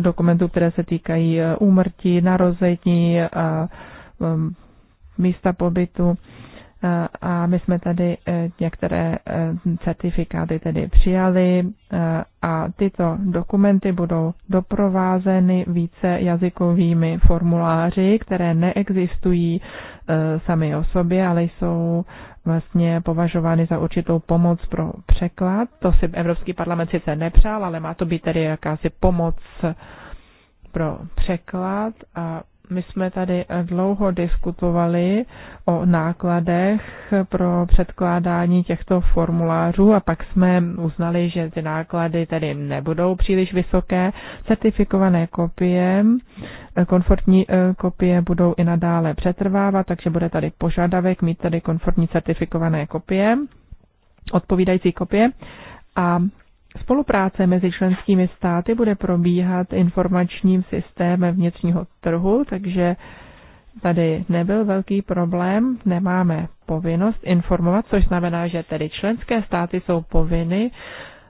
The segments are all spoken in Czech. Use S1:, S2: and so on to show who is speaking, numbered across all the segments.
S1: dokumentů, které se týkají eh, úmrtí, narození a um, místa pobytu a my jsme tady eh, některé eh, certifikáty tedy přijali eh, a tyto dokumenty budou doprovázeny více jazykovými formuláři, které neexistují sami o sobě, ale jsou vlastně považovány za určitou pomoc pro překlad. To si Evropský parlament sice nepřál, ale má to být tedy jakási pomoc pro překlad a my jsme tady eh, dlouho diskutovali o nákladech pro předkládání těchto formulářů a pak jsme uznali, že ty náklady tedy nebudou příliš vysoké. Certifikované kopie, eh, konfortní eh, kopie budou i nadále přetrvávat, takže bude tady požadavek mít tady konfortní certifikované kopie, odpovídající kopie. A Spolupráce mezi členskými státy bude probíhat informačním systémem vnitřního trhu, takže tady nebyl velký problém, nemáme povinnost informovat, což znamená, že tedy členské státy jsou povinny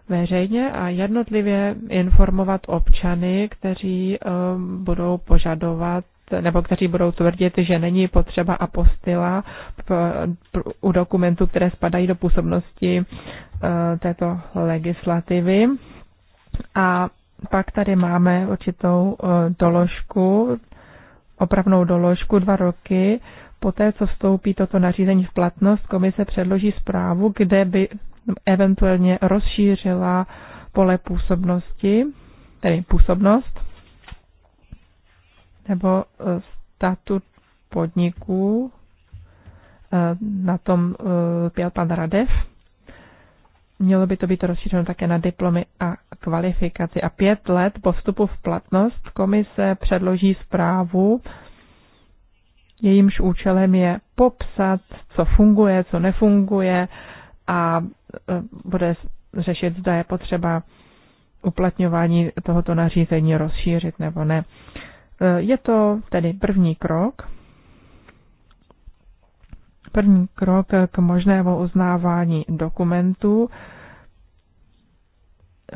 S1: veřejně a jednotlivě informovat občany, kteří eh, budou požadovat nebo kteří budou tvrdit, že není potřeba apostila u dokumentů, které spadají do působnosti eh, této legislativy. A pak tady máme určitou eh, doložku, opravnou doložku dva roky. Poté, co vstoupí toto nařízení v platnost, komise předloží zprávu, kde by eventuálně rozšířila pole působnosti, tedy působnost nebo e, statut podniků, e, na tom e, pěl pan Radev. Mělo by to být rozšířeno také na diplomy a kvalifikaci. A pět let po vstupu v platnost komise předloží zprávu, jejímž účelem je popsat, co funguje, co nefunguje a bude řešit, zda je potřeba uplatňování tohoto nařízení rozšířit nebo ne. Eh, je to tedy první krok, první krok eh, k možnému uznávání dokumentů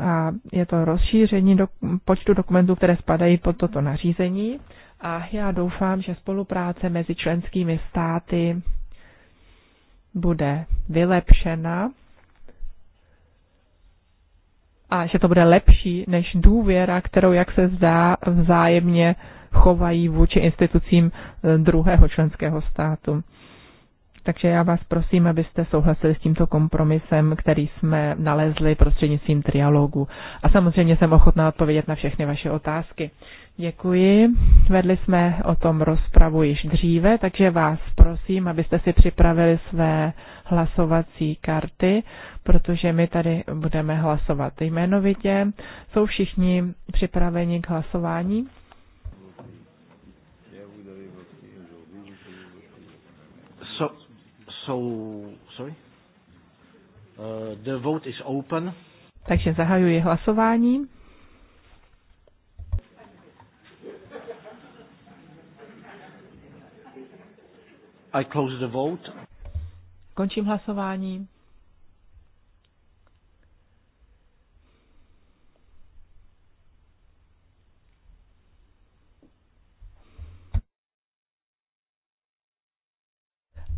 S1: a je to rozšíření do, počtu dokumentů, které spadají pod toto nařízení a já doufám, že spolupráce mezi členskými státy bude vylepšena a že to bude lepší než důvěra, kterou, jak se zdá, vzájemně chovají vůči institucím eh, druhého členského státu. Takže já vás prosím, abyste souhlasili s tímto kompromisem, který jsme nalezli prostřednictvím trialogu. A samozřejmě jsem ochotná odpovědět na všechny vaše otázky. Děkuji. Vedli jsme o tom rozpravu již dříve, takže vás prosím, abyste si připravili své hlasovací karty, protože my tady budeme hlasovat jmenovitě. Jsou všichni připraveni k hlasování? So, so, sorry. Uh,
S2: the vote is open.
S1: Takže zahajuji hlasování. I close the vote. Končím hlasování.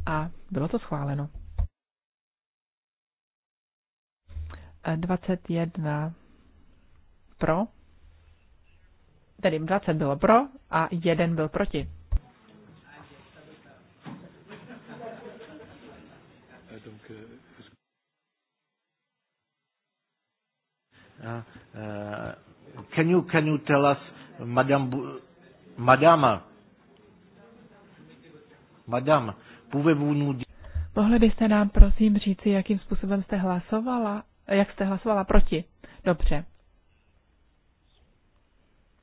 S1: A bylo to schváleno. 21 eh, pro, tedy 20 bylo pro a 1 byl proti. Uh, uh, can you can you tell
S3: us, madam madama madam pouvez-vous nous dire?
S1: Mohli byste nám prosím říci, jakým způsobem jste hlasovala, jak jste hlasovala proti? Dobře.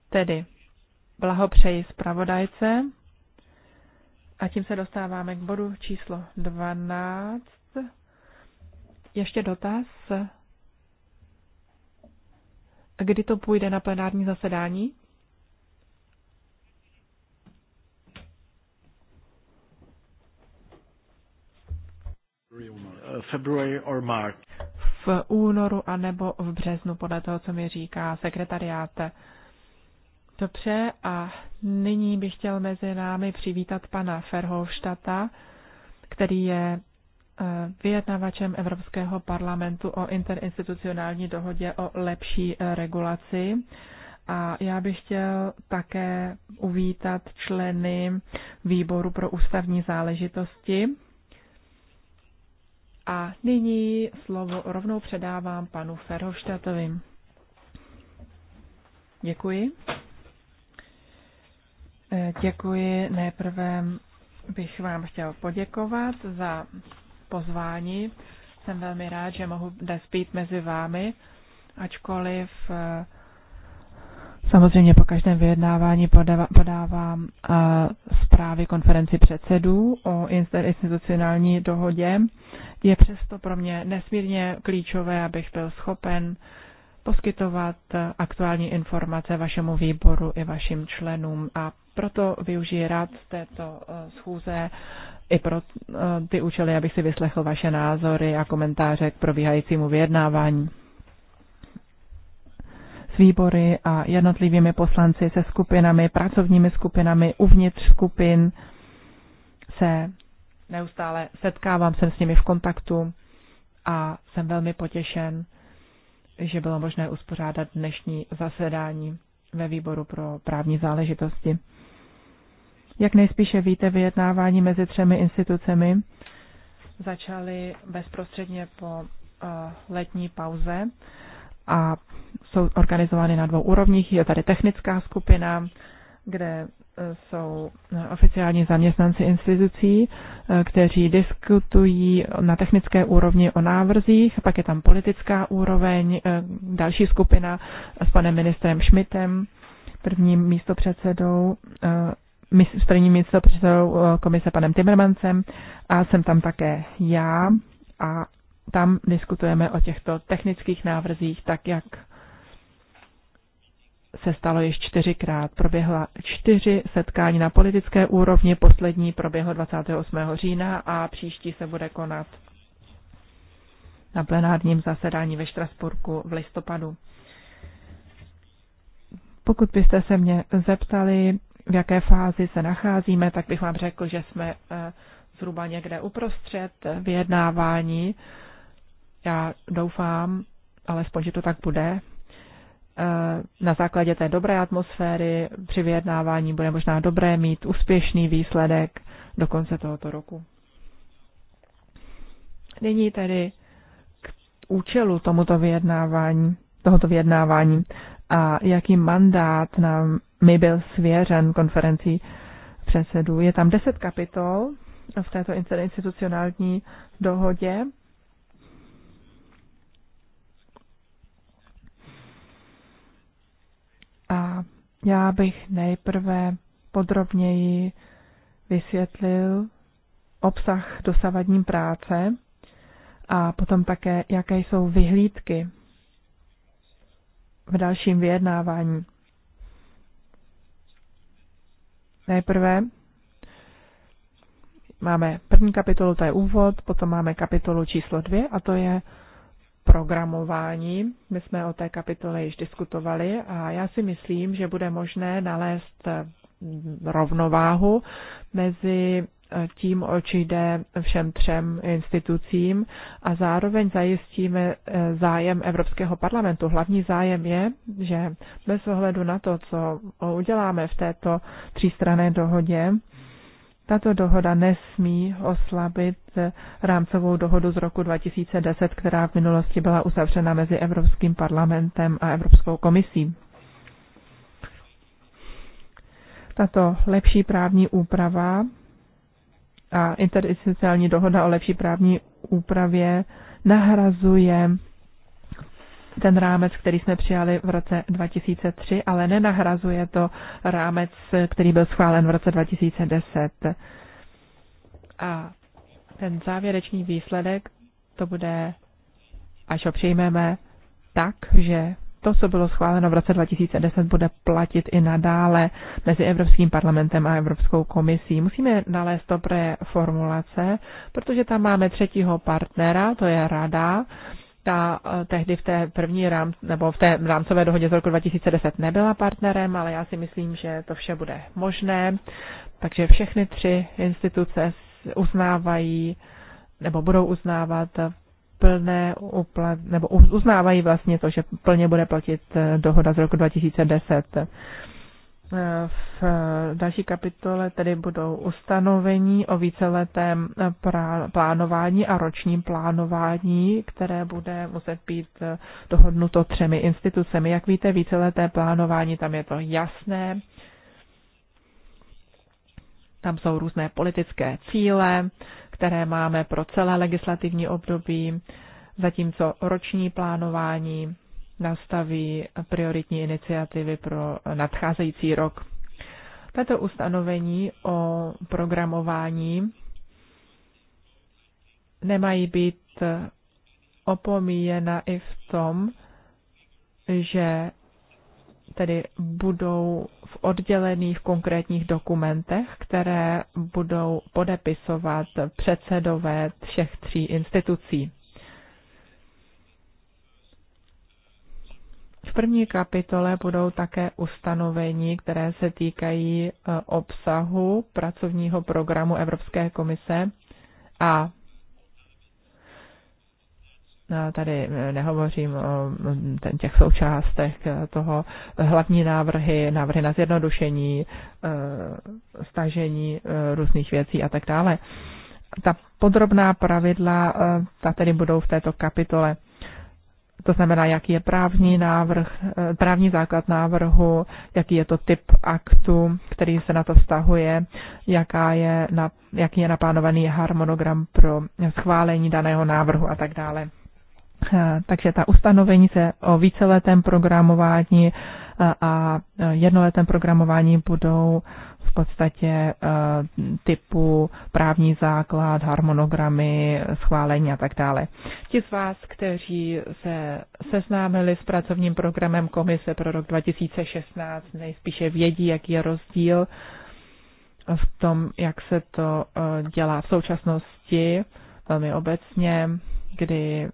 S1: Tedy blahopřeji zpravodajce a tím se dostáváme k bodu číslo 12. Ještě dotaz Kdy to půjde na plenární zasedání? V únoru a nebo v březnu, podle toho, co mi říká sekretariát. Dobře, a nyní bych chtěl mezi námi přivítat pana Ferhovštata, který je Eh, vyjednavačem Evropského parlamentu o interinstitucionální dohodě o lepší eh, regulaci. A já bych chtěl také uvítat členy výboru pro ústavní záležitosti. A nyní slovo rovnou předávám panu Ferhoštatovi. Děkuji. Eh, děkuji. Nejprve bych vám chtěl poděkovat za pozvání. Jsem velmi rád, že mohu dnes být mezi vámi, ačkoliv eh, samozřejmě po každém vyjednávání podávám eh, zprávy konferenci předsedů o institucionální dohodě. Je přesto pro mě nesmírně klíčové, abych byl schopen poskytovat aktuální informace vašemu výboru i vašim členům a proto využiji rád této eh, schůze i pro eh, ty účely, abych si vyslechl vaše názory a komentáře k probíhajícímu vyjednávání. S výbory a jednotlivými poslanci, se skupinami, pracovními skupinami, uvnitř skupin se neustále setkávám, jsem s nimi v kontaktu a jsem velmi potěšen, že bylo možné uspořádat dnešní zasedání ve výboru pro právní záležitosti. Jak nejspíše víte, vyjednávání mezi třemi institucemi začaly bezprostředně po eh, letní pauze a jsou organizovány na dvou úrovních. Je tady technická skupina, kde eh, jsou eh, oficiální zaměstnanci institucí, kteří diskutují na technické úrovni o návrzích, pak je tam politická úroveň, další skupina s panem ministrem Schmidtem, prvním místopředsedou s prvním místo předsedou eh, komise panem Timmermansem a jsem tam také já a tam diskutujeme o těchto technických návrzích, tak jak se stalo již čtyřikrát. Proběhla čtyři setkání na politické úrovni, poslední proběhlo 28. října a příští se bude konat na plenárním zasedání ve Štrasburku v listopadu. Pokud byste se mě zeptali, v jaké fázi se nacházíme, tak bych vám řekl, že jsme eh, zhruba někde uprostřed vyjednávání. Já doufám, alespoň, že to tak bude. Eh, na základě té dobré atmosféry při vyjednávání bude možná dobré mít úspěšný výsledek do konce tohoto roku. Nyní tedy k účelu tomuto vyjednávání, tohoto vyjednávání a jaký mandát nám mi byl svěřen konferencí předsedů. Je tam deset kapitol v této institucionální dohodě. A já bych nejprve podrobněji vysvětlil obsah dosavadní práce a potom také, jaké jsou vyhlídky v dalším vyjednávání. Nejprve máme první kapitolu, to je úvod, potom máme kapitolu číslo dvě a to je programování. My jsme o té kapitole již diskutovali a já si myslím, že bude možné nalézt rovnováhu mezi Eh, tím, oč jde všem třem institucím a zároveň zajistíme eh, zájem Evropského parlamentu. Hlavní zájem je, že bez ohledu na to, co uděláme v této třístrané dohodě, tato dohoda nesmí oslabit eh, rámcovou dohodu z roku 2010, která v minulosti byla uzavřena mezi Evropským parlamentem a Evropskou komisí. Tato lepší právní úprava a interinstitucionální dohoda o lepší právní úpravě nahrazuje ten rámec, který jsme přijali v roce 2003, ale nenahrazuje to rámec, který byl schválen v roce 2010. A ten závěrečný výsledek to bude, až ho přijmeme, tak, že to, co bylo schváleno v roce 2010, bude platit i nadále mezi Evropským parlamentem a Evropskou komisí. Musíme nalézt dobré formulace, protože tam máme třetího partnera, to je Rada, ta eh, tehdy v té první rám, nebo v té rámcové dohodě z roku 2010 nebyla partnerem, ale já si myslím, že to vše bude možné. Takže všechny tři instituce uznávají nebo budou uznávat plné uplat, nebo uznávají vlastně to, že plně bude platit eh, dohoda z roku 2010. Eh, v eh, další kapitole tedy budou ustanovení o víceletém plánování a ročním plánování, které bude muset být dohodnuto třemi institucemi. Jak víte, víceleté plánování, tam je to jasné. Tam jsou různé politické cíle, které máme pro celé legislativní období, zatímco roční plánování nastaví prioritní iniciativy pro nadcházející rok. Tato ustanovení o programování nemají být opomíjena i v tom, že tedy budou v oddělených konkrétních dokumentech, které budou podepisovat předsedové všech tří institucí. V první kapitole budou také ustanovení, které se týkají e, obsahu pracovního programu Evropské komise a Tady eh, nehovořím o těch součástech eh, toho hlavní návrhy, návrhy na zjednodušení, eh, stažení různých věcí a tak dále. Ta podrobná pravidla, ta tedy budou v této kapitole. To znamená, jaký je právní návrh, právní základ návrhu, jaký je to typ aktu, který se na to vztahuje, jaká je, jaký je naplánovaný harmonogram pro schválení daného návrhu a tak dále. Eh, takže ta ustanovení se o víceletém programování eh, a eh, jednoletém programování budou v podstatě typu právní základ, harmonogramy, schválení a tak dále. Ti z vás, kteří se seznámili s pracovním programem Komise pro rok 2016, nejspíše vědí, jaký je rozdíl v tom, jak se to dělá v současnosti, velmi obecně, kdy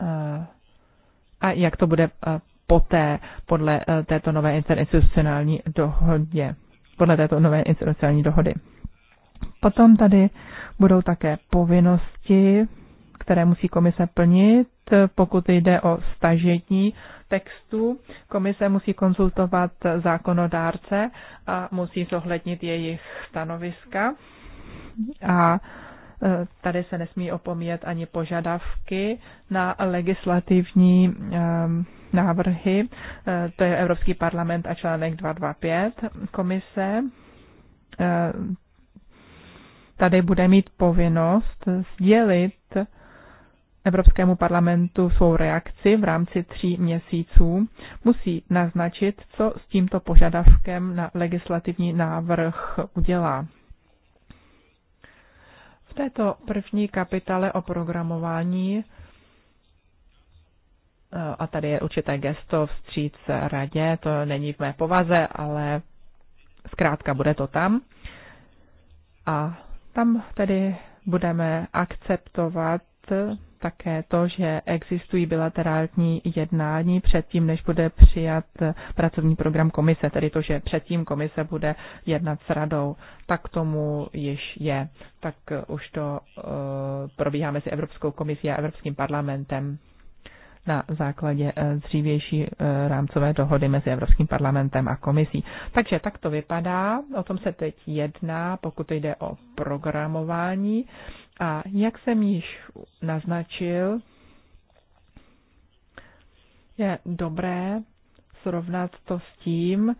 S1: Eh, a jak to bude eh, poté podle eh, této nové institucionální dohodě, podle této nové institucionální dohody. Potom tady budou také povinnosti, které musí komise plnit, pokud jde o stažení textu. Komise musí konzultovat zákonodárce a musí zohlednit jejich stanoviska. A Eh, tady se nesmí opomíjet ani požadavky na legislativní ehm, návrhy. Eh, to je Evropský parlament a článek 225 komise. Eh, tady bude mít povinnost sdělit Evropskému parlamentu svou reakci v rámci tří měsíců, musí naznačit, co s tímto požadavkem na legislativní návrh udělá této první kapitale o programování, e, a tady je určité gesto vstříc radě, to není v mé povaze, ale zkrátka bude to tam. A tam tedy budeme akceptovat také to, že existují bilaterální jednání předtím, než bude přijat pracovní program komise, tedy to, že předtím komise bude jednat s radou, tak tomu již je. Tak už to uh, probíhá mezi Evropskou komisí a Evropským parlamentem na základě eh, dřívější eh, rámcové dohody mezi Evropským parlamentem a komisí. Takže tak to vypadá, o tom se teď jedná, pokud jde o programování. A jak jsem již naznačil, je dobré srovnat to s tím,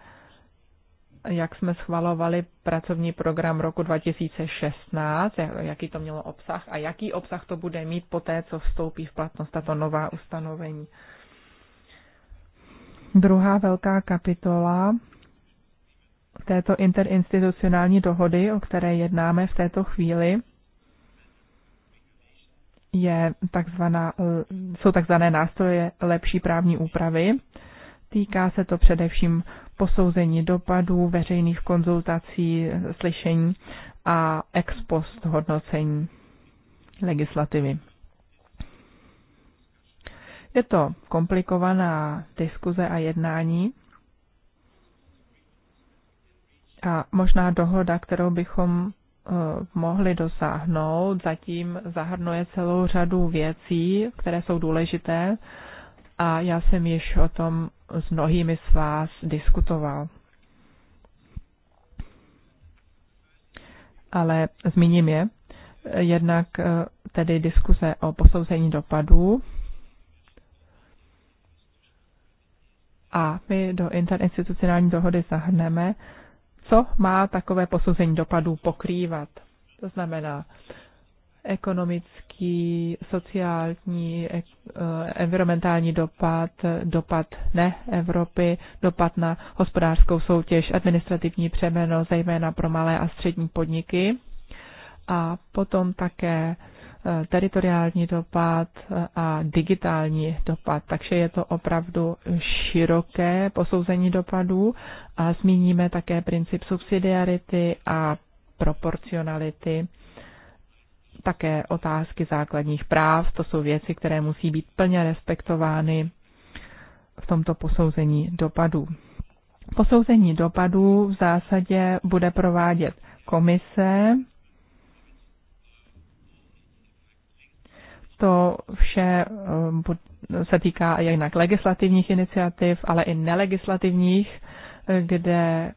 S1: jak jsme schvalovali pracovní program roku 2016, jaký to mělo obsah a jaký obsah to bude mít po té, co vstoupí v platnost tato nová ustanovení. Druhá velká kapitola této interinstitucionální dohody, o které jednáme v této chvíli, je takzvaná, eh, jsou takzvané nástroje lepší právní úpravy. Týká se to především posouzení dopadů, veřejných konzultací, slyšení a ex post hodnocení legislativy. Je to komplikovaná diskuze a jednání a možná dohoda, kterou bychom Eh, mohli dosáhnout, zatím zahrnuje celou řadu věcí, které jsou důležité a já jsem již o tom s mnohými z vás diskutoval. Ale zmíním je. Jednak eh, tedy diskuse o posouzení dopadů a my do interinstitucionální dohody zahrneme co má takové posouzení dopadů pokrývat. To znamená ekonomický, sociální, eh, environmentální dopad, dopad ne Evropy, dopad na hospodářskou soutěž, administrativní přeměno, zejména pro malé a střední podniky a potom také Eh, teritoriální dopad eh, a digitální dopad. Takže je to opravdu široké posouzení dopadů a zmíníme také princip subsidiarity a proporcionality, také otázky základních práv, to jsou věci, které musí být plně respektovány v tomto posouzení dopadů. Posouzení dopadů v zásadě bude provádět komise, To vše eh, se týká jinak legislativních iniciativ, ale i nelegislativních, eh, kde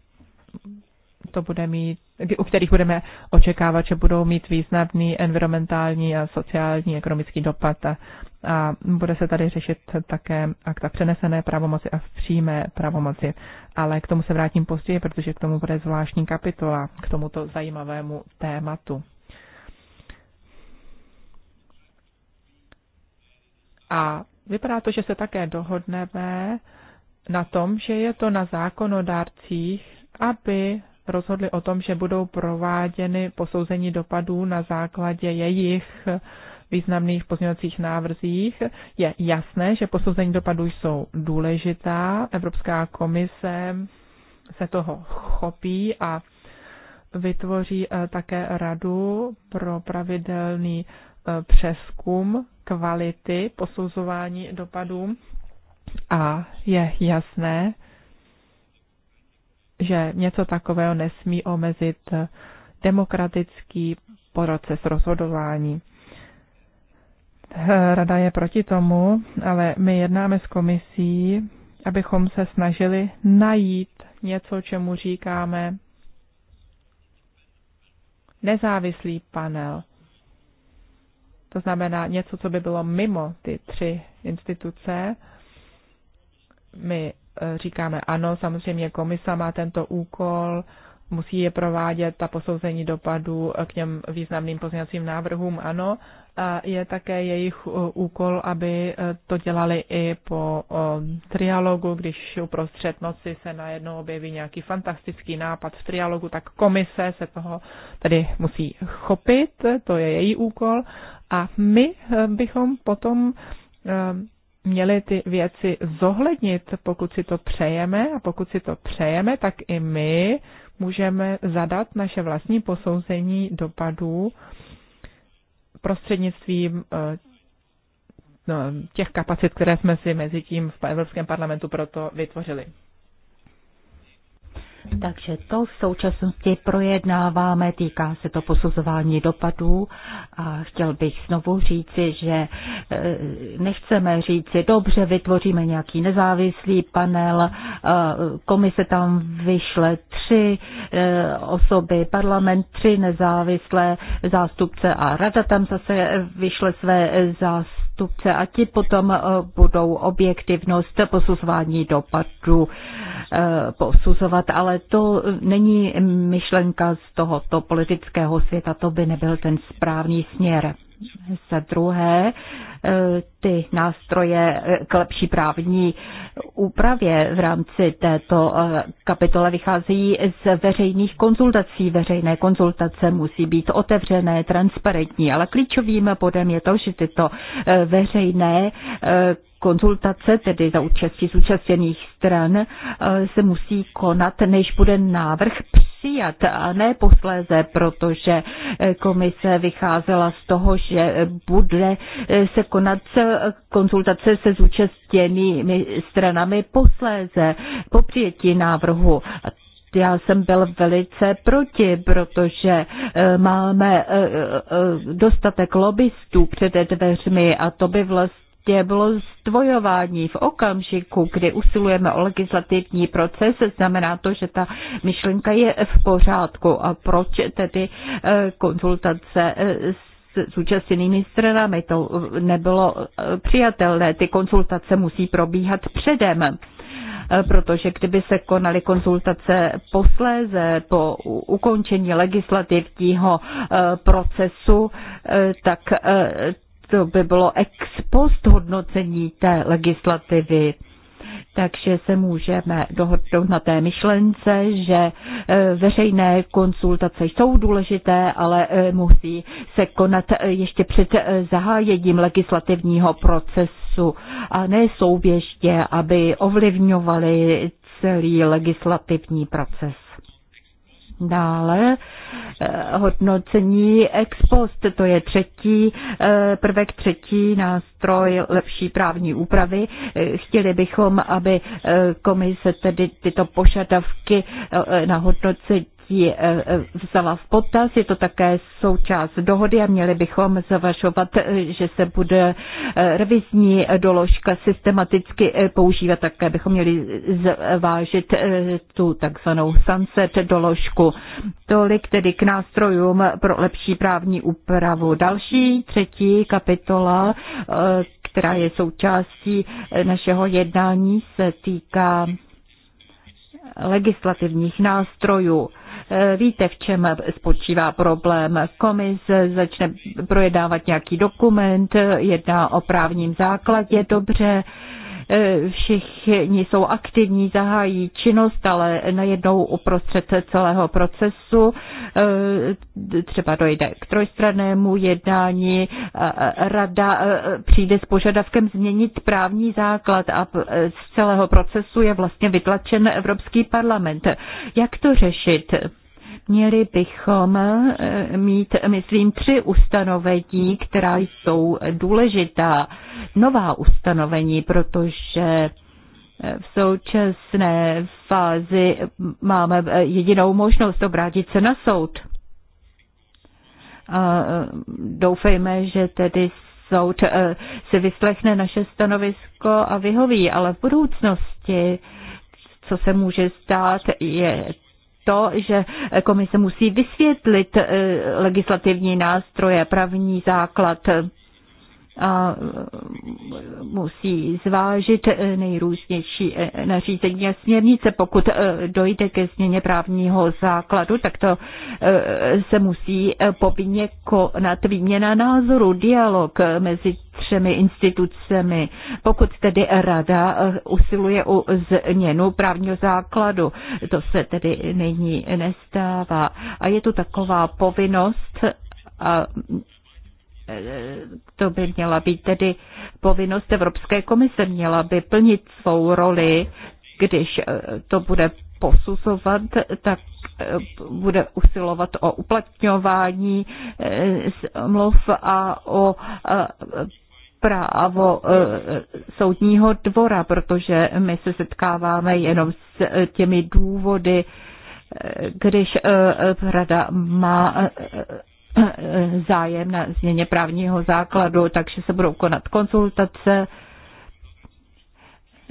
S1: to bude mít, u kterých budeme očekávat, že budou mít významný environmentální a sociální ekonomický dopad a, a bude se tady řešit také akta přenesené pravomoci a v přímé pravomoci. Ale k tomu se vrátím později, protože k tomu bude zvláštní kapitola, k tomuto zajímavému tématu. A vypadá to, že se také dohodneme na tom, že je to na zákonodárcích, aby rozhodli o tom, že budou prováděny posouzení dopadů na základě jejich významných pozměňovacích návrzích. Je jasné, že posouzení dopadů jsou důležitá. Evropská komise se toho chopí a vytvoří eh, také radu pro pravidelný eh, přeskum kvality posouzování dopadů a je jasné, že něco takového nesmí omezit demokratický proces rozhodování. Rada je proti tomu, ale my jednáme s komisí, abychom se snažili najít něco, čemu říkáme nezávislý panel to znamená něco, co by bylo mimo ty tři instituce. My e, říkáme ano, samozřejmě komisa má tento úkol, musí je provádět ta posouzení dopadu k těm významným pozněcím návrhům, ano. A je také jejich e, úkol, aby e, to dělali i po trialogu, když uprostřed noci se najednou objeví nějaký fantastický nápad v trialogu, tak komise se toho tedy musí chopit, to je její úkol. A my eh, bychom potom eh, měli ty věci zohlednit, pokud si to přejeme a pokud si to přejeme, tak i my můžeme zadat naše vlastní posouzení dopadů prostřednictvím eh, no, těch kapacit, které jsme si mezi tím v Evropském parlamentu proto vytvořili. Takže to v současnosti projednáváme,
S2: týká se to posuzování dopadů a chtěl bych znovu říci, že e, nechceme říci, dobře, vytvoříme nějaký nezávislý panel, e, komise tam vyšle tři e, osoby, parlament tři nezávislé zástupce a rada tam zase vyšle své zástupce zástupce a ti potom eh, budou objektivnost posuzování dopadu eh, posuzovat, ale to není myšlenka z tohoto politického světa, to by nebyl ten správný směr. Za druhé, e, ty nástroje e, k lepší právní úpravě v rámci této e, kapitole vycházejí z veřejných konzultací. Veřejné konzultace musí být otevřené, transparentní, ale klíčovým bodem je to, že tyto veřejné konzultace, tedy za účastí zúčastněných stran, se musí konat, než bude návrh přijat a ne posléze, protože eh, komise vycházela z toho, že bude eh, se konat eh, konzultace se zúčastněnými stranami posléze po přijetí návrhu. Já jsem byl velice proti, protože máme dostatek lobbystů před dveřmi a to by vlastně je prostě bylo zdvojování v okamžiku, kdy usilujeme o legislativní proces, znamená to, že ta myšlenka je v pořádku. A proč tedy eh, konzultace eh, s s zúčastněnými stranami. To nebylo eh, přijatelné. Ty konzultace musí probíhat předem protože kdyby se konaly konzultace posléze po ukončení legislativního procesu, tak to by bylo ex post hodnocení té legislativy. Takže se můžeme dohodnout na té myšlence, že e, veřejné konsultace jsou důležité, ale e, musí se konat e, ještě před zahájením legislativního procesu a ne souběžně, aby ovlivňovali celý legislativní proces. Dále Eh, hodnocení ex post. To je třetí eh, prvek, třetí nástroj lepší právní úpravy. Eh, chtěli bychom, aby komise tedy tyto požadavky na hodnocení ji e, e, vzala v potaz. Je to také součást dohody a měli bychom zavažovat, e, že se bude revizní doložka systematicky používat. Také bychom měli zvážit tu takzvanou sunset doložku. Tolik tedy k nástrojům pro lepší právní úpravu. Další, třetí kapitola, která je součástí našeho jednání, se týká legislativních nástrojů. Eh, víte, v čem spočívá problém. Komise začne projednávat nějaký dokument, jedná o právním základě, dobře, eh, všichni jsou aktivní, zahájí činnost, ale najednou uprostřed celého procesu eh, třeba dojde k trojstranému jednání, rada přijde s požadavkem změnit právní základ a z celého procesu je vlastně vytlačen Evropský parlament. Jak to řešit? Měli bychom eh, mít, myslím, tři ustanovení, která jsou důležitá. Nová ustanovení, protože eh, v současné fázi máme eh, jedinou možnost obrátit se na soud. A doufejme, že tedy soud si vyslechne naše stanovisko a vyhoví, ale v budoucnosti, co se může stát, je to, že komise musí vysvětlit eh, legislativní nástroje, právní základ a e, musí zvážit e, nejrůznější e, nařízení a směrnice. Pokud dojde ke změně právního základu, tak to se musí povinně konat výměna názoru, dialog mezi třemi institucemi. Pokud tedy rada usiluje o změnu právního základu, to se tedy nyní nestává. A je tu taková povinnost a to by měla být tedy povinnost Evropské komise, měla by plnit svou roli, když eh, to bude posuzovat, tak eh, bude usilovat o uplatňování eh, smluv a o právo soudního dvora, protože my se setkáváme jenom s těmi důvody, když rada má Eh, zájem na změně právního základu, takže se budou konat konzultace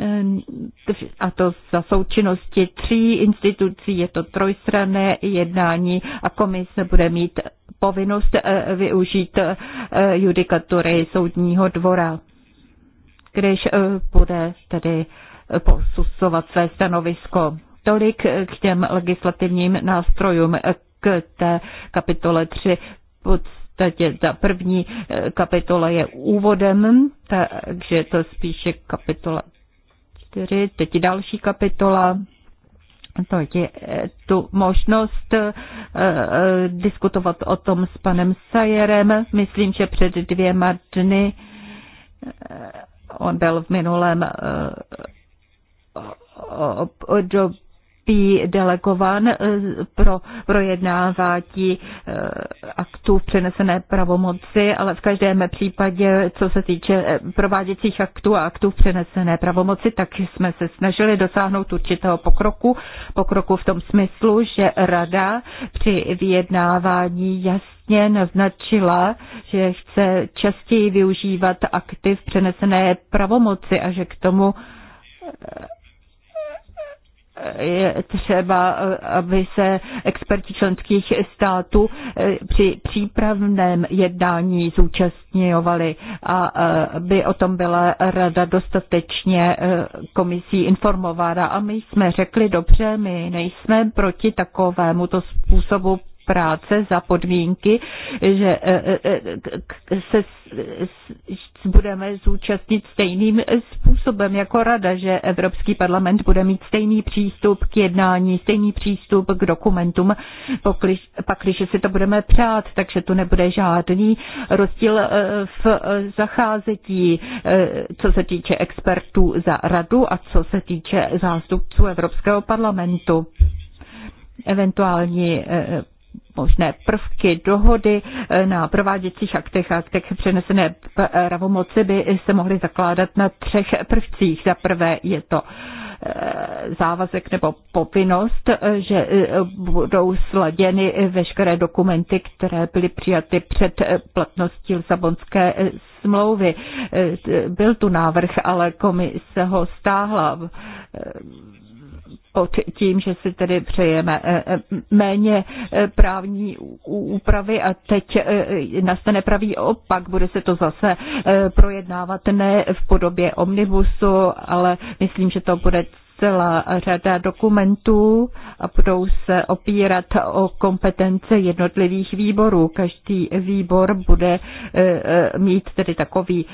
S2: eh, a to za součinnosti tří institucí, je to trojstranné jednání a komise bude mít povinnost eh, využít judikatury soudního dvora, když bude tedy posusovat své stanovisko. Tolik k těm legislativním nástrojům k té kapitole 3. Podstatě ta první eh, kapitola je úvodem, takže je to spíše kapitola 4. Teď další kapitola. To je eh, tu možnost eh, diskutovat o tom s panem Sajerem. Myslím, že před dvěma dny on byl v minulém do, nesmí delegovan eh, pro projednávání eh, aktů v přenesené pravomoci, ale v každém případě, co se týče eh, prováděcích aktů a aktů v přenesené pravomoci, tak jsme se snažili dosáhnout určitého pokroku. Pokroku v tom smyslu, že Rada při vyjednávání jasně jasně naznačila, že chce častěji využívat aktiv přenesené pravomoci a že k tomu je třeba, aby se experti členských států eh, při přípravném jednání zúčastňovali a eh, by o tom byla rada dostatečně eh, komisí informována. A my jsme řekli, dobře, my nejsme proti takovému to způsobu práce za podmínky, že e, e, e, se budeme zúčastnit stejným způsobem jako rada, že Evropský parlament bude mít stejný přístup k jednání, stejný přístup k dokumentům, když si to budeme přát, takže tu nebude žádný rozdíl v zacházetí, co se týče expertů za radu a co se týče zástupců Evropského parlamentu eventuální možné prvky dohody eh, na prováděcích aktech a aktech přenesené eh, pravomoci by se mohly zakládat na třech prvcích. Za prvé je to eh, závazek nebo povinnost, že budou sladěny veškeré dokumenty, které byly přijaty před platností Lisabonské smlouvy. Byl tu návrh, ale komise ho stáhla od tím, že si tedy přejeme eh, eh, méně eh, právní úpravy a teď nastane pravý opak, bude se to zase projednávat ne v podobě omnibusu, ale myslím, že to bude celá řada dokumentů a budou se opírat o kompetence jednotlivých výborů. Každý výbor bude mít tedy takový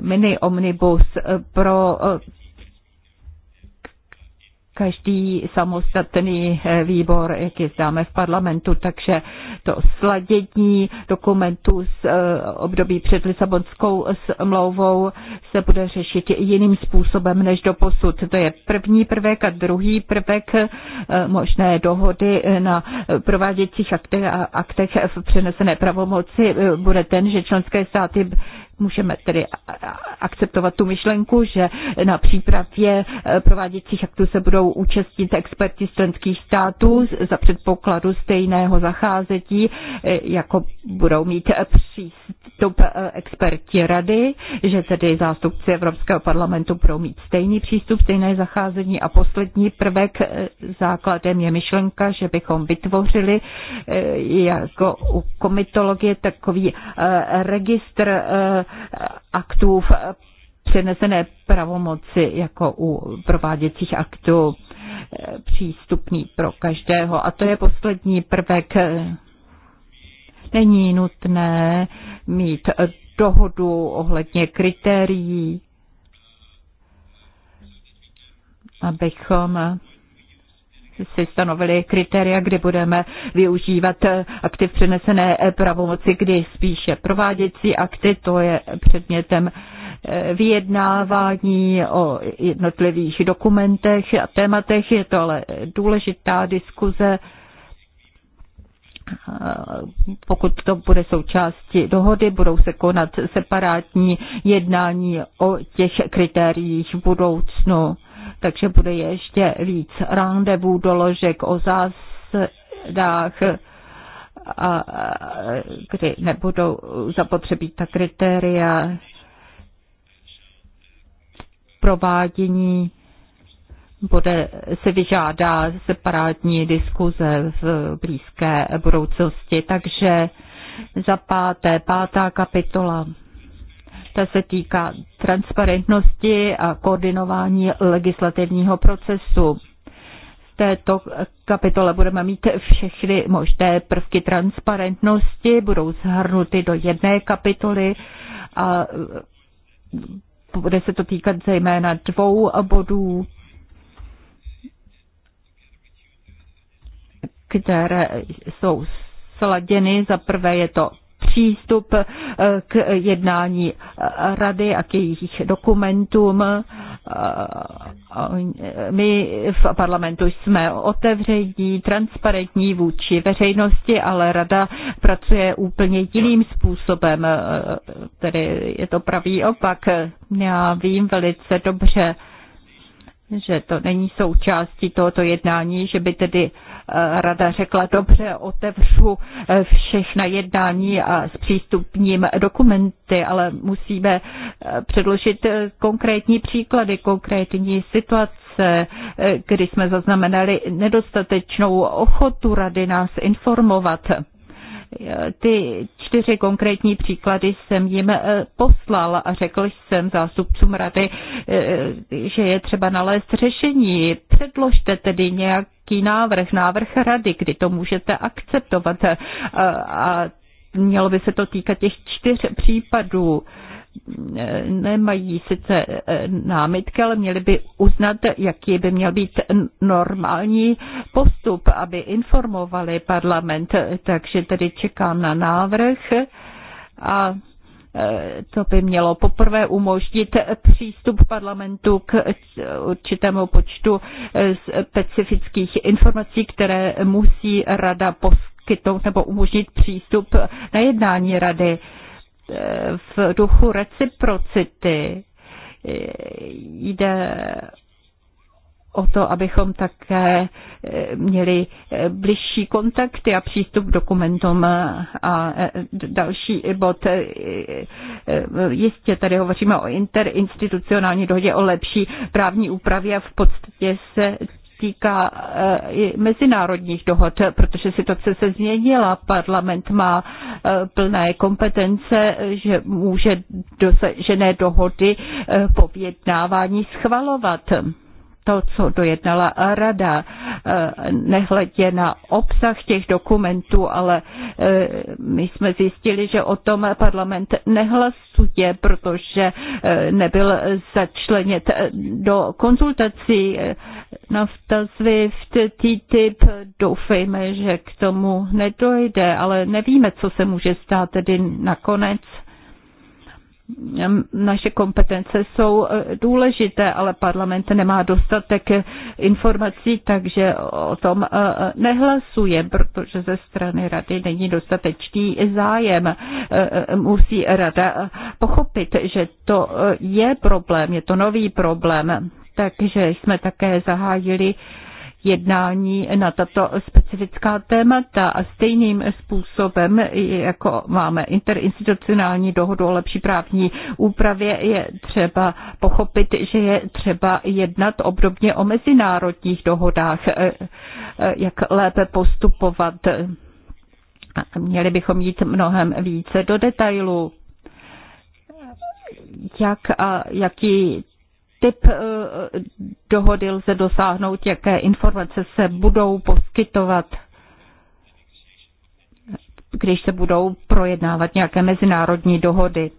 S2: mini omnibus pro každý samostatný eh, výbor, jak je známe v parlamentu, takže to sladění dokumentů z eh, období před Lisabonskou smlouvou se bude řešit jiným způsobem než do posud. To je první prvek a druhý prvek eh, možné dohody na prováděcích aktech a aktech v přenesené pravomoci bude ten, že členské státy Můžeme tedy akceptovat tu myšlenku, že na přípravě e, prováděcích aktů se budou účastnit experti z členských států za předpokladu stejného zacházetí, e, jako budou mít přístup e, experti rady, že tedy zástupci Evropského parlamentu budou mít stejný přístup, stejné zacházení a poslední prvek základem je myšlenka, že bychom vytvořili jako u komitologie takový registr aktů v přenesené pravomoci jako u prováděcích aktů eh, přístupný pro každého. A to je poslední prvek. Není nutné mít dohodu ohledně kritérií, abychom si stanovili kritéria, kdy budeme využívat aktiv přenesené pravomoci, kdy spíše prováděcí akty, to je předmětem eh, vyjednávání o jednotlivých dokumentech a tématech. Je to ale důležitá diskuze, eh, pokud to bude součástí dohody, budou se konat separátní jednání o těch kritériích v budoucnu takže bude ještě víc randevů doložek o zásadách, a, kdy nebudou zapotřebí ta kritéria provádění bude se vyžádá separátní diskuze v blízké budoucnosti. Takže za páté, pátá kapitola ta se týká transparentnosti a koordinování legislativního procesu. V této kapitole budeme mít všechny možné prvky transparentnosti, budou zhrnuty do jedné kapitoly a bude se to týkat zejména dvou bodů, které jsou sladěny. Za prvé je to přístup eh, k jednání eh, rady a k jejich dokumentům. Eh, my v parlamentu jsme otevření, transparentní vůči veřejnosti, ale rada pracuje úplně jiným způsobem, tedy je to pravý opak. Já vím velice dobře, že to není součástí tohoto jednání, že by tedy eh, rada řekla, dobře, otevřu eh, všechna jednání a zpřístupním dokumenty, ale musíme eh, předložit konkrétní příklady, konkrétní situace, kdy jsme zaznamenali nedostatečnou ochotu rady nás informovat. Ty čtyři konkrétní příklady jsem jim eh, poslal a řekl jsem zástupcům rady, eh, že je třeba nalézt řešení. Předložte tedy nějaký návrh, návrh rady, kdy to můžete akceptovat eh, a mělo by se to týkat těch čtyř případů nemají sice eh, námitky, ale měli by uznat, jaký by měl být normální postup, aby informovali parlament. Takže tedy čekám na návrh a eh, to by mělo poprvé umožnit přístup parlamentu k určitému počtu eh, specifických informací, které musí rada poskytnout nebo umožnit přístup na jednání rady v duchu reciprocity jde o to, abychom také měli bližší kontakty a přístup k dokumentům a další bod. Jistě tady hovoříme o interinstitucionální dohodě, o lepší právní úpravě a v podstatě se týká eh, i mezinárodních dohod, protože situace se změnila. Parlament má eh, plné kompetence, že může dosažené dohody eh, po vyjednávání schvalovat to, co dojednala rada, eh, nehledě na obsah těch dokumentů, ale eh, my jsme zjistili, že o tom parlament nehlasuje, protože eh, nebyl začleněn do konzultací nafta SWIFT, TTIP. Doufejme, že k tomu nedojde, ale nevíme, co se může stát tedy nakonec naše kompetence jsou e, důležité, ale parlament nemá dostatek e, informací, takže o tom e, nehlasuje, protože ze strany rady není dostatečný zájem. Musí rada pochopit, že to je problém, je to nový problém. Takže jsme také zahájili uh, jednání na tato specifická témata a stejným způsobem, jako máme interinstitucionální dohodu o lepší právní úpravě, je třeba pochopit, že je třeba jednat obdobně o mezinárodních dohodách, e, e, jak lépe postupovat. Měli bychom jít mnohem více do detailu jak a jaký typ eh, dohody lze dosáhnout, jaké informace se budou poskytovat, když se budou projednávat nějaké mezinárodní dohody.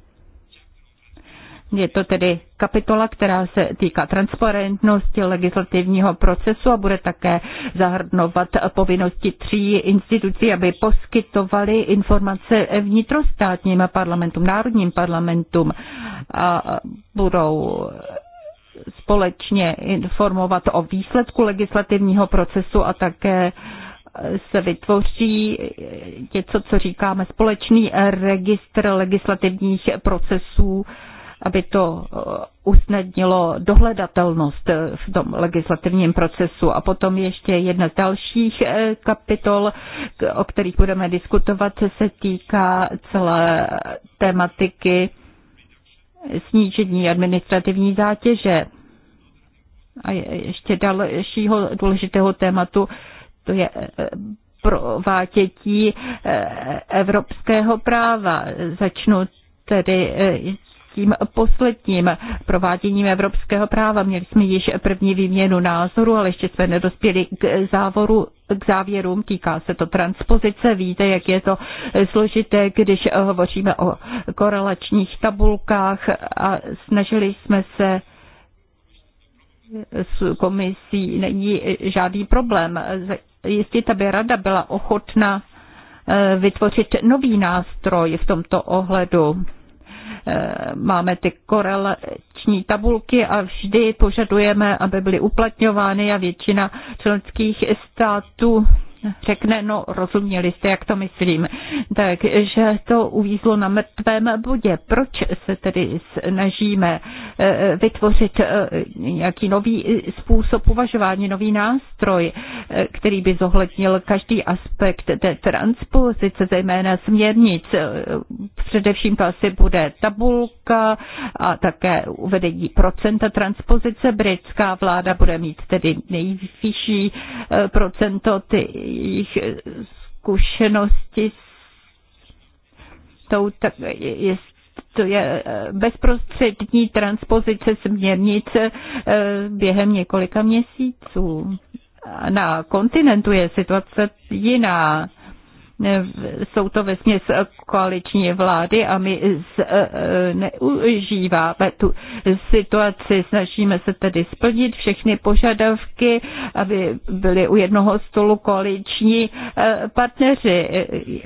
S2: Je to tedy kapitola, která se týká transparentnosti legislativního procesu a bude také zahrnovat povinnosti tří institucí, aby poskytovaly informace vnitrostátním parlamentům, národním parlamentům a budou společně informovat o výsledku legislativního procesu a také se vytvoří něco, co říkáme společný registr legislativních procesů, aby to usnadnilo dohledatelnost v tom legislativním procesu. A potom ještě jedna z dalších eh, kapitol, o kterých budeme diskutovat, se týká celé tematiky snížení administrativní zátěže. A ještě dalšího důležitého tématu, to je eh, provádětí eh, evropského práva. Začnu tedy eh, tím posledním prováděním evropského práva. Měli jsme již první výměnu názoru, ale ještě jsme nedospěli k závoru k závěrům, týká se to transpozice, víte, jak je to složité, když hovoříme o korelačních tabulkách a snažili jsme se s komisí, není žádný problém zajistit, aby rada byla ochotna eh, vytvořit nový nástroj v tomto ohledu. Eh, máme ty korelační tabulky a vždy požadujeme, aby byly uplatňovány a většina členských států řekne, no rozuměli jste, jak to myslím. Takže to uvízlo na mrtvém bodě. Proč se tedy snažíme eh, vytvořit eh, nějaký nový způsob uvažování, nový nástroj, eh, který by zohlednil každý aspekt té transpozice, zejména směrnic. Především to asi bude tabulka a také uvedení procenta transpozice. Britská vláda bude mít tedy nejvyšší procento, ty jejich zkušenosti s tou, je, to je eh, bezprostřední transpozice směrnice eh, během několika měsíců. Na kontinentu je situace jiná Eh, jsou to vesměs koaliční vlády a my z eh, neužíváme tu situaci. Snažíme se tedy splnit všechny požadavky, aby byli u jednoho stolu koaliční eh, partneři.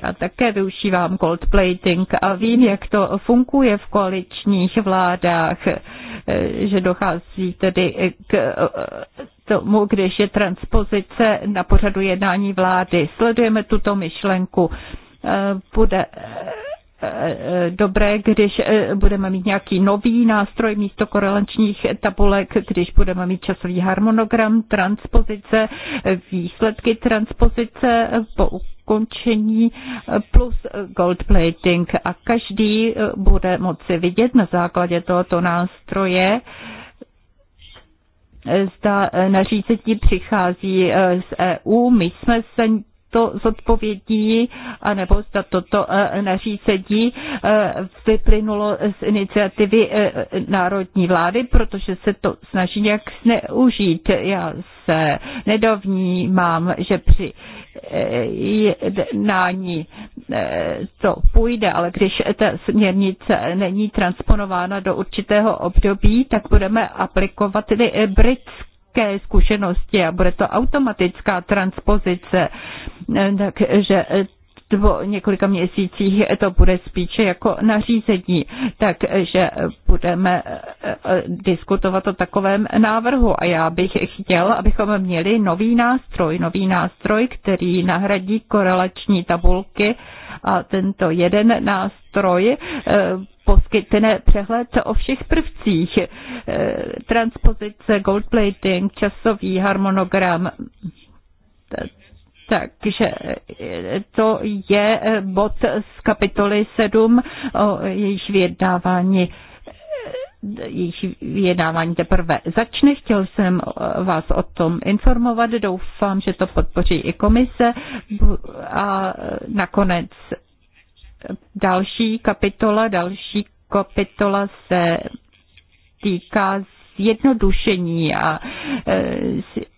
S2: a také využívám cold plating a vím, jak to funguje v koaličních vládách, že dochází tedy k tomu, když je transpozice na pořadu jednání vlády. Sledujeme tuto myšlenku. Eh, bude eh, eh, dobré, když budeme mít nějaký nový nástroj místo korelačních tabulek, když budeme mít časový harmonogram, transpozice, výsledky transpozice po ukončení plus gold plating a každý bude moci vidět na základě tohoto nástroje, zda nařízení přichází eh, z EU. My jsme se to zodpovědí, anebo zda toto e, nařízení e, vyplynulo z iniciativy e, národní vlády, protože se to snaží nějak zneužít. Já se nedovnímám, že při jednání to půjde, ale když ta směrnice není transponována do určitého období, tak budeme aplikovat tedy britské velké zkušenosti a bude to automatická transpozice, takže po několika měsících to bude spíše jako nařízení, takže budeme eh, eh, diskutovat o takovém návrhu a já bych chtěl, abychom měli nový nástroj, nový nástroj, který nahradí korelační tabulky a tento jeden nástroj eh, poskytne přehled o všech prvcích, eh, transpozice, goldplating, časový harmonogram. Takže eh, to je eh, bod z kapitoly 7 o jejich vyjednávání jejich vyjednávání teprve začne. Chtěl jsem vás o tom informovat, doufám, že to podpoří i komise a nakonec Další kapitola, další kapitola se týká zjednodušení a e,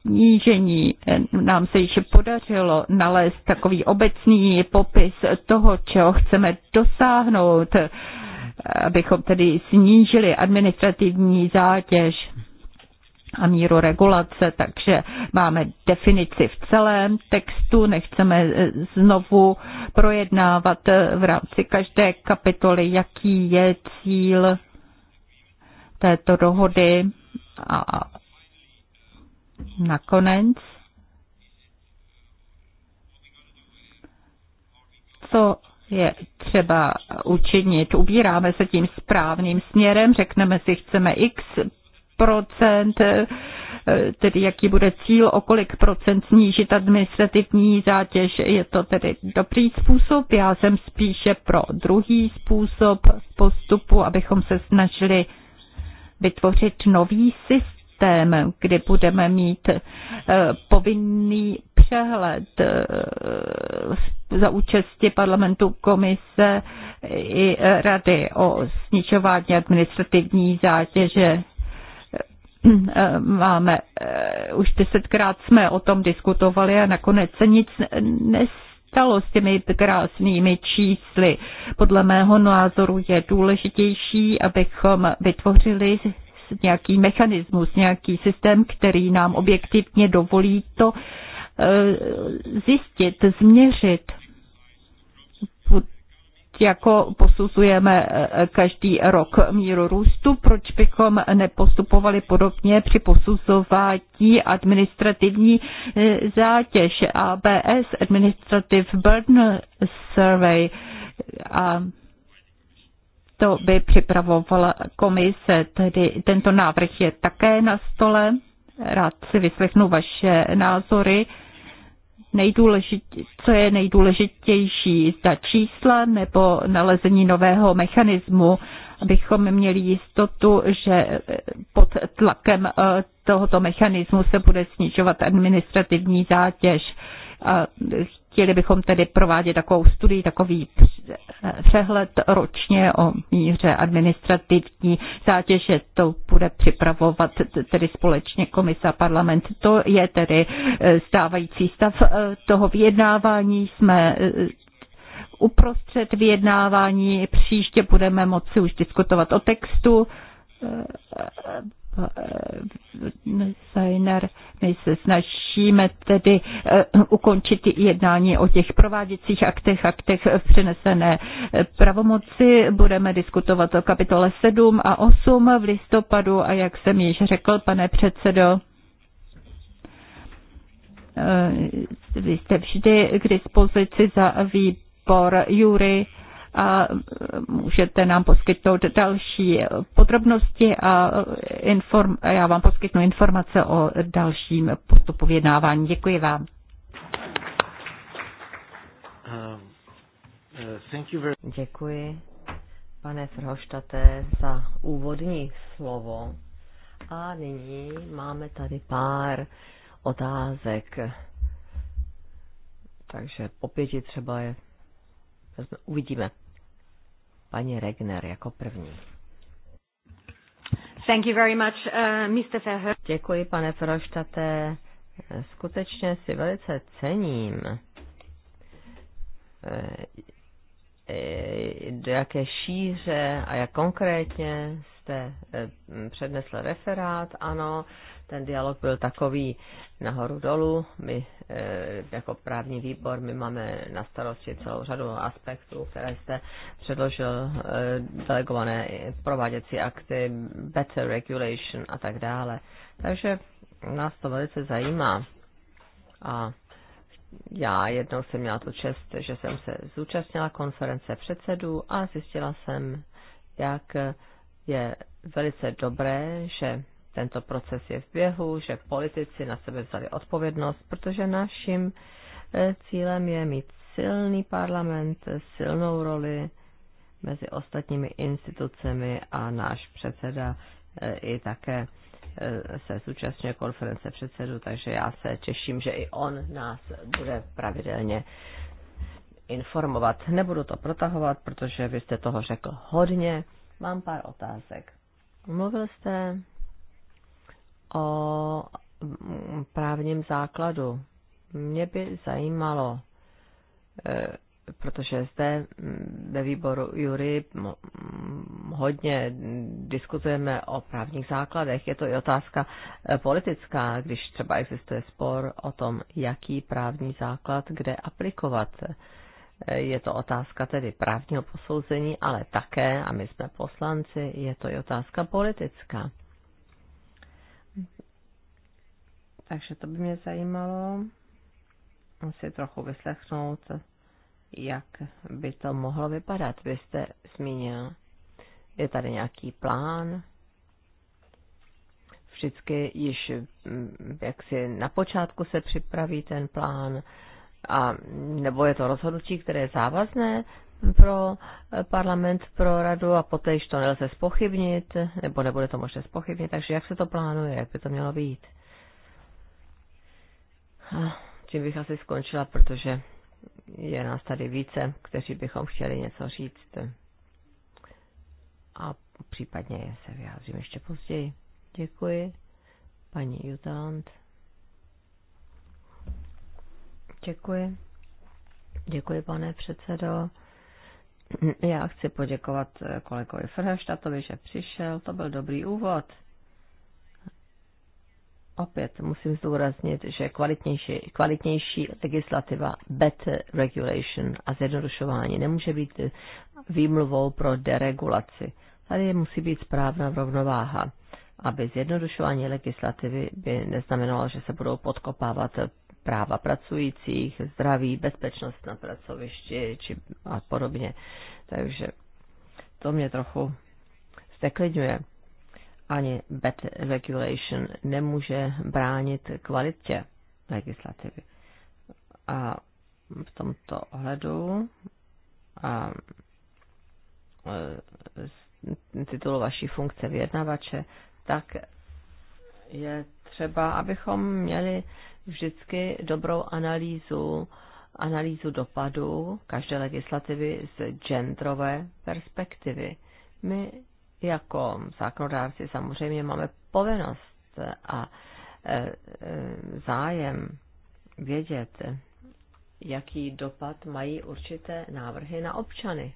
S2: snížení. Nám se již podařilo nalézt takový obecný popis toho, čeho chceme dosáhnout, abychom tedy snížili administrativní zátěž a míru regulace, takže máme definici v celém textu, nechceme eh, znovu projednávat eh, v rámci každé kapitoly, jaký je cíl této dohody a nakonec, co je třeba učinit. Ubíráme se tím správným směrem, řekneme si, chceme X, procent, eh, tedy jaký bude cíl, o kolik procent snížit administrativní zátěž. Je to tedy dobrý způsob, já jsem spíše pro druhý způsob postupu, abychom se snažili vytvořit nový systém, kdy budeme mít eh, povinný přehled eh, za účasti parlamentu komise i rady o snižování administrativní zátěže. Eh, máme, eh, už desetkrát jsme o tom diskutovali a nakonec se nic nestalo s těmi krásnými čísly. Podle mého názoru je důležitější, abychom vytvořili nějaký mechanismus, nějaký systém, který nám objektivně dovolí to eh, zjistit, změřit jako posuzujeme eh, každý rok míru růstu, proč bychom nepostupovali podobně při posuzování administrativní eh, zátěž ABS, Administrative Burden Survey. A to by připravovala komise, tedy tento návrh je také na stole. Rád si vyslechnu vaše názory nejdůležitější, co je nejdůležitější, ta čísla nebo nalezení nového mechanismu, abychom měli jistotu, že eh, pod tlakem eh, tohoto mechanismu se bude snižovat administrativní zátěž. A Chtěli bychom tedy provádět takovou studii, takový přehled ročně o míře administrativní zátěže. To bude připravovat tedy společně komisa parlament. To je tedy eh, stávající stav eh, toho vyjednávání. Jsme eh, uprostřed vyjednávání. Příště budeme moci už diskutovat o textu designer. My se snažíme tedy eh, ukončit jednání o těch prováděcích aktech, aktech v přenesené pravomoci. Budeme diskutovat o kapitole 7 a 8 v listopadu a jak jsem již řekl, pane předsedo, eh, vy jste vždy k dispozici za výbor Jury a můžete nám poskytnout další podrobnosti a inform, já vám poskytnu informace o dalším postupu vyjednávání. Děkuji vám.
S3: Um, uh, Děkuji, pane Frhoštate, za úvodní slovo. A nyní máme tady pár otázek. Takže po pěti třeba je, uvidíme paní Regner jako první. Thank you very much, uh, Mr. Ferher. Děkuji, pane Froštate. Skutečně si velice cením, eh, eh, do jaké šíře a jak konkrétně jste eh, přednesl referát. Ano, ten dialog byl takový nahoru dolů. My eh, jako právní výbor, my máme na starosti celou řadu aspektů, které jste předložil, eh, delegované prováděcí akty, better regulation a tak dále. Takže nás to velice zajímá. A já jednou jsem měla tu čest, že jsem se zúčastnila konference předsedů a zjistila jsem, jak je velice dobré, že tento proces je v běhu, že politici na sebe vzali odpovědnost, protože naším eh, cílem je mít silný parlament, silnou roli mezi ostatními institucemi a náš předseda eh, i také eh, se zúčastňuje konference předsedů, takže já se těším, že i on nás bude pravidelně informovat. Nebudu to protahovat, protože vy jste toho řekl hodně. Mám pár otázek. Mluvil jste o mm, právním základu. Mě by zajímalo, e, protože zde mm, ve výboru Jury mm, hodně diskutujeme o právních základech. Je to i otázka e, politická, když třeba existuje spor o tom, jaký právní základ kde aplikovat. E, je to otázka tedy právního posouzení, ale také, a my jsme poslanci, je to i otázka politická. Takže to by mě zajímalo si trochu vyslechnout, jak by to mohlo vypadat. Vy jste zmínil, je tady nějaký plán, vždycky již mm, jak si na počátku se připraví ten plán, a, nebo je to rozhodnutí, které je závazné pro parlament, pro radu a poté již to nelze spochybnit, nebo nebude to možné spochybnit, takže jak se to plánuje, jak by to mělo být? A tím bych asi skončila, protože je nás tady více, kteří bychom chtěli něco říct. A případně se vyjádřím ještě později. Děkuji, paní Jutant. Děkuji. Děkuji, pane předsedo. Já chci poděkovat kolegovi Frhaštatovi, že přišel. To byl dobrý úvod opět musím zdůraznit, že kvalitnější, kvalitnější legislativa, better regulation a zjednodušování nemůže být výmluvou pro deregulaci. Tady musí být správná rovnováha, aby zjednodušování legislativy by neznamenalo, že se budou podkopávat práva pracujících, zdraví, bezpečnost na pracovišti či a podobně. Takže to mě trochu zneklidňuje ani bad regulation nemůže bránit kvalitě legislativy. A v tomto ohledu a e, titulu vaší funkce vyjednavače, tak je třeba, abychom měli vždycky dobrou analýzu, analýzu dopadu každé legislativy z genderové perspektivy. My jako zákonodárci samozřejmě máme povinnost a e, e, zájem vědět, jaký dopad mají určité návrhy na občany.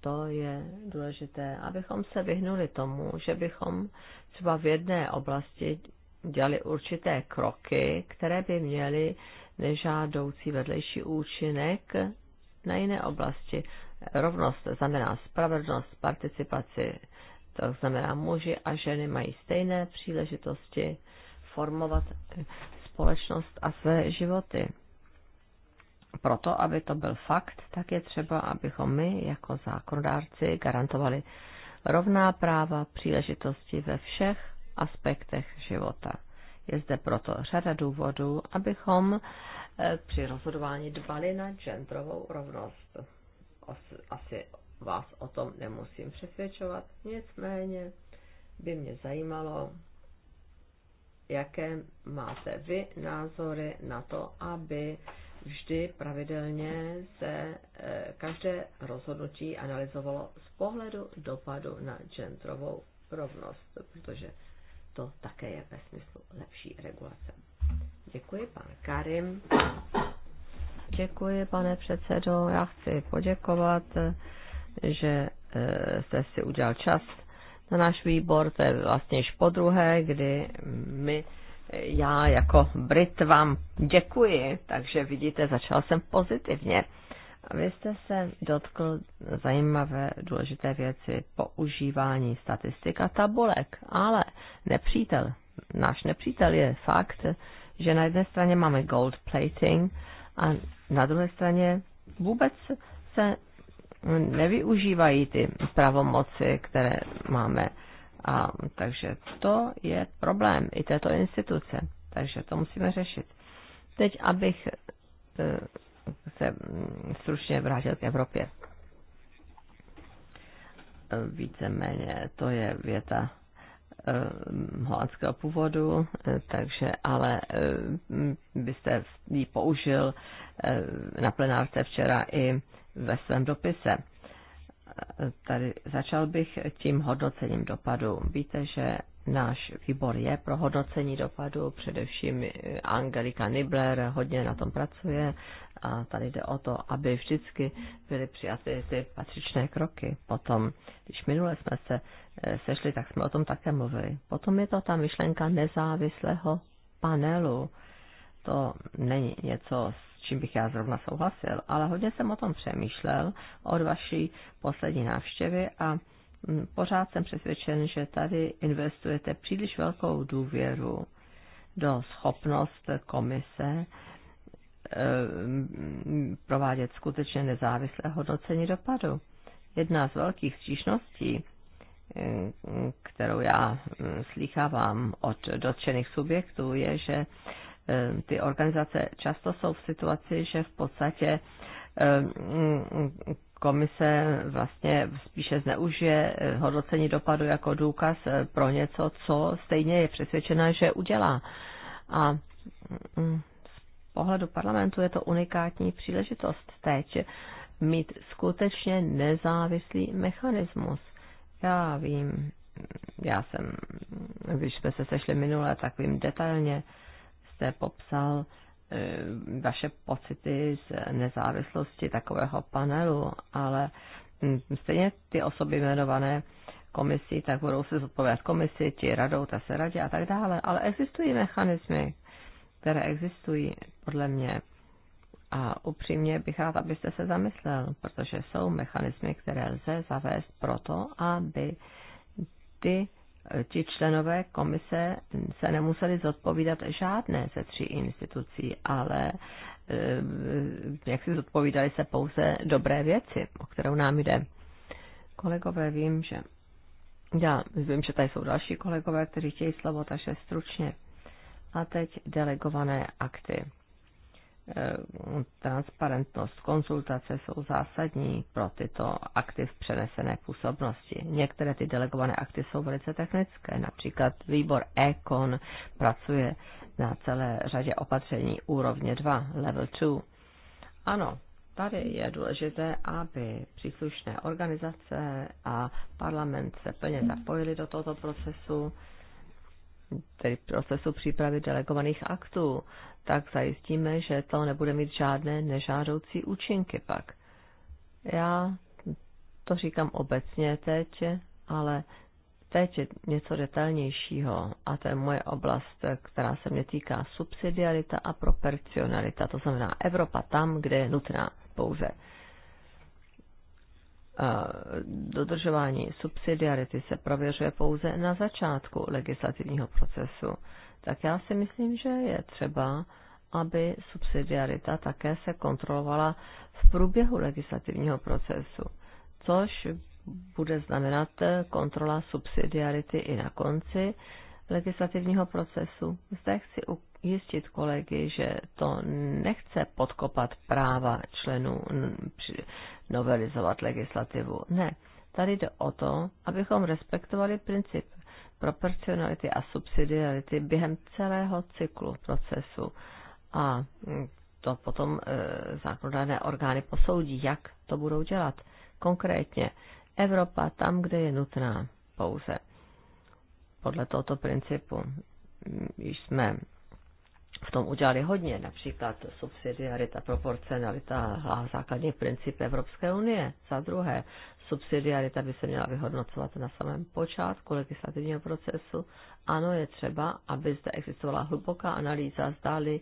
S3: To je důležité, abychom se vyhnuli tomu, že bychom třeba v jedné oblasti dělali určité kroky, které by měly nežádoucí vedlejší účinek na jiné oblasti. Rovnost znamená spravedlnost, participaci, to znamená muži a ženy mají stejné příležitosti formovat společnost a své životy. Proto, aby to byl fakt, tak je třeba, abychom my jako zákonodárci garantovali rovná práva, příležitosti ve všech aspektech života. Je zde proto řada důvodů, abychom eh, při rozhodování dbali na genderovou rovnost asi vás o tom nemusím přesvědčovat. Nicméně by mě zajímalo, jaké máte vy názory na to, aby vždy pravidelně se eh, každé rozhodnutí analyzovalo z pohledu dopadu na genderovou rovnost, protože to také je ve smyslu lepší regulace. Děkuji, pan Karim. Děkuji, pane předsedo. Já chci poděkovat, že eh, jste si udělal čas na náš výbor. To je vlastně již po druhé, kdy my, já jako Brit vám děkuji. Takže vidíte, začal jsem pozitivně. Vy jste se dotkl zajímavé důležité věci používání statistik a tabulek, ale nepřítel, náš nepřítel je fakt, že na jedné straně máme gold plating, a na druhé straně vůbec se nevyužívají ty pravomoci, které máme. A, takže to je problém i této instituce. Takže to musíme řešit. Teď, abych eh, se mm, stručně vrátil k Evropě. Eh, víceméně to je věta Eh, holandského původu, eh, takže ale eh, byste ji použil na plenárce včera i ve svém dopise. Tady začal bych tím hodnocením dopadu. Víte, že náš výbor je pro hodnocení dopadu, především eh, Angelika Nibler hodně na tom pracuje a tady jde o to, aby vždycky byly přijaty ty patřičné kroky. Potom, když minule jsme se eh, sešli, tak jsme o tom také mluvili. Potom je to ta myšlenka nezávislého panelu. To není něco, s čím bych já zrovna souhlasil, ale hodně jsem o tom přemýšlel od vaší poslední návštěvy a pořád jsem přesvědčen, že tady investujete příliš velkou důvěru do schopnost komise eh, provádět skutečně nezávislé hodnocení dopadu. Jedna z velkých stížností, eh, kterou já hm, slýchávám od dotčených subjektů, je, že eh, ty organizace často jsou v situaci, že v podstatě hm, komise vlastně spíše zneužije eh, hodnocení dopadu jako důkaz eh, pro něco, co stejně je přesvědčena, že udělá. A mm, z pohledu parlamentu je to unikátní příležitost teď mít skutečně nezávislý mechanismus. Já vím, já jsem, když jsme se sešli minule, tak vím detailně, jste popsal, Eh, vaše pocity z nezávislosti takového panelu, ale hm, stejně ty osoby jmenované komisí, tak budou se zodpovědět komisi, ti radou, ta se radě a tak dále. Ale existují mechanismy, které existují podle mě. A upřímně bych rád, abyste se zamyslel, protože jsou mechanismy, které lze zavést proto, aby ty Eh, ti členové komise se nemuseli zodpovídat žádné ze tří institucí, ale eh, jak si zodpovídali se pouze dobré věci, o kterou nám jde. Kolegové, vím, že já vím, že tady jsou další kolegové, kteří chtějí slovo, takže stručně. A teď delegované akty. Eh, transparentnost, konzultace jsou zásadní pro tyto akty v přenesené působnosti. Některé ty delegované akty jsou velice technické, například výbor ECON pracuje na celé řadě opatření úrovně 2, level 2. Ano, tady je důležité, aby příslušné organizace a parlament se plně zapojili do tohoto procesu tedy procesu přípravy delegovaných aktů, tak zajistíme, že to nebude mít žádné nežádoucí účinky pak. Já to říkám obecně teď, ale teď je něco detailnějšího a to je moje oblast, která se mě týká subsidiarita a proporcionalita, to znamená Evropa tam, kde je nutná pouze dodržování subsidiarity se prověřuje pouze na začátku legislativního procesu, tak já si myslím, že je třeba, aby subsidiarita také se kontrolovala v průběhu legislativního procesu, což bude znamenat eh, kontrola subsidiarity i na konci legislativního procesu. Zde chci ujistit kolegy, že to nechce podkopat práva členů novelizovat legislativu. Ne, tady jde o to, abychom respektovali princip proporcionality a subsidiarity během celého cyklu procesu. A to potom e, zákonodárné orgány posoudí, jak to budou dělat. Konkrétně Evropa tam, kde je nutná pouze. Podle tohoto principu již jsme v tom udělali hodně, například subsidiarita, proporcionalita a základní princip Evropské unie. Za druhé, subsidiarita by se měla vyhodnocovat na samém počátku legislativního procesu. Ano, je třeba, aby zde existovala hluboká analýza, zdáli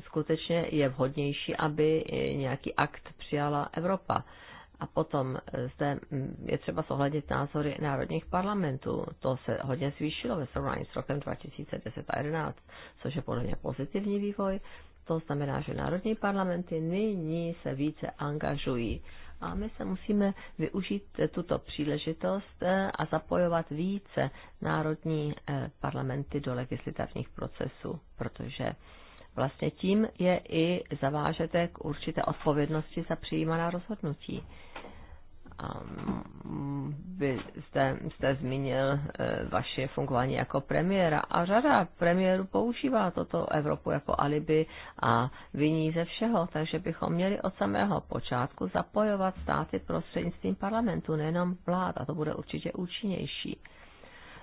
S3: skutečně je vhodnější, aby nějaký akt přijala Evropa. A potom eh, zde mm, je třeba zohlednit názory národních parlamentů. To se hodně zvýšilo ve srovnání s rokem 2010 a 2011, což je podle mě pozitivní vývoj. To znamená, že národní parlamenty nyní se více angažují. A my se musíme využít eh, tuto příležitost eh, a zapojovat více národní parlamenty do legislativních procesů, protože vlastně tím je i zavážete k určité odpovědnosti za přijímaná rozhodnutí. A vy jste, jste zmínil e, vaše fungování jako premiéra a řada premiérů používá toto Evropu jako alibi a viní ze všeho, takže bychom měli od samého počátku zapojovat státy prostřednictvím parlamentu, nejenom vlád a to bude určitě účinnější.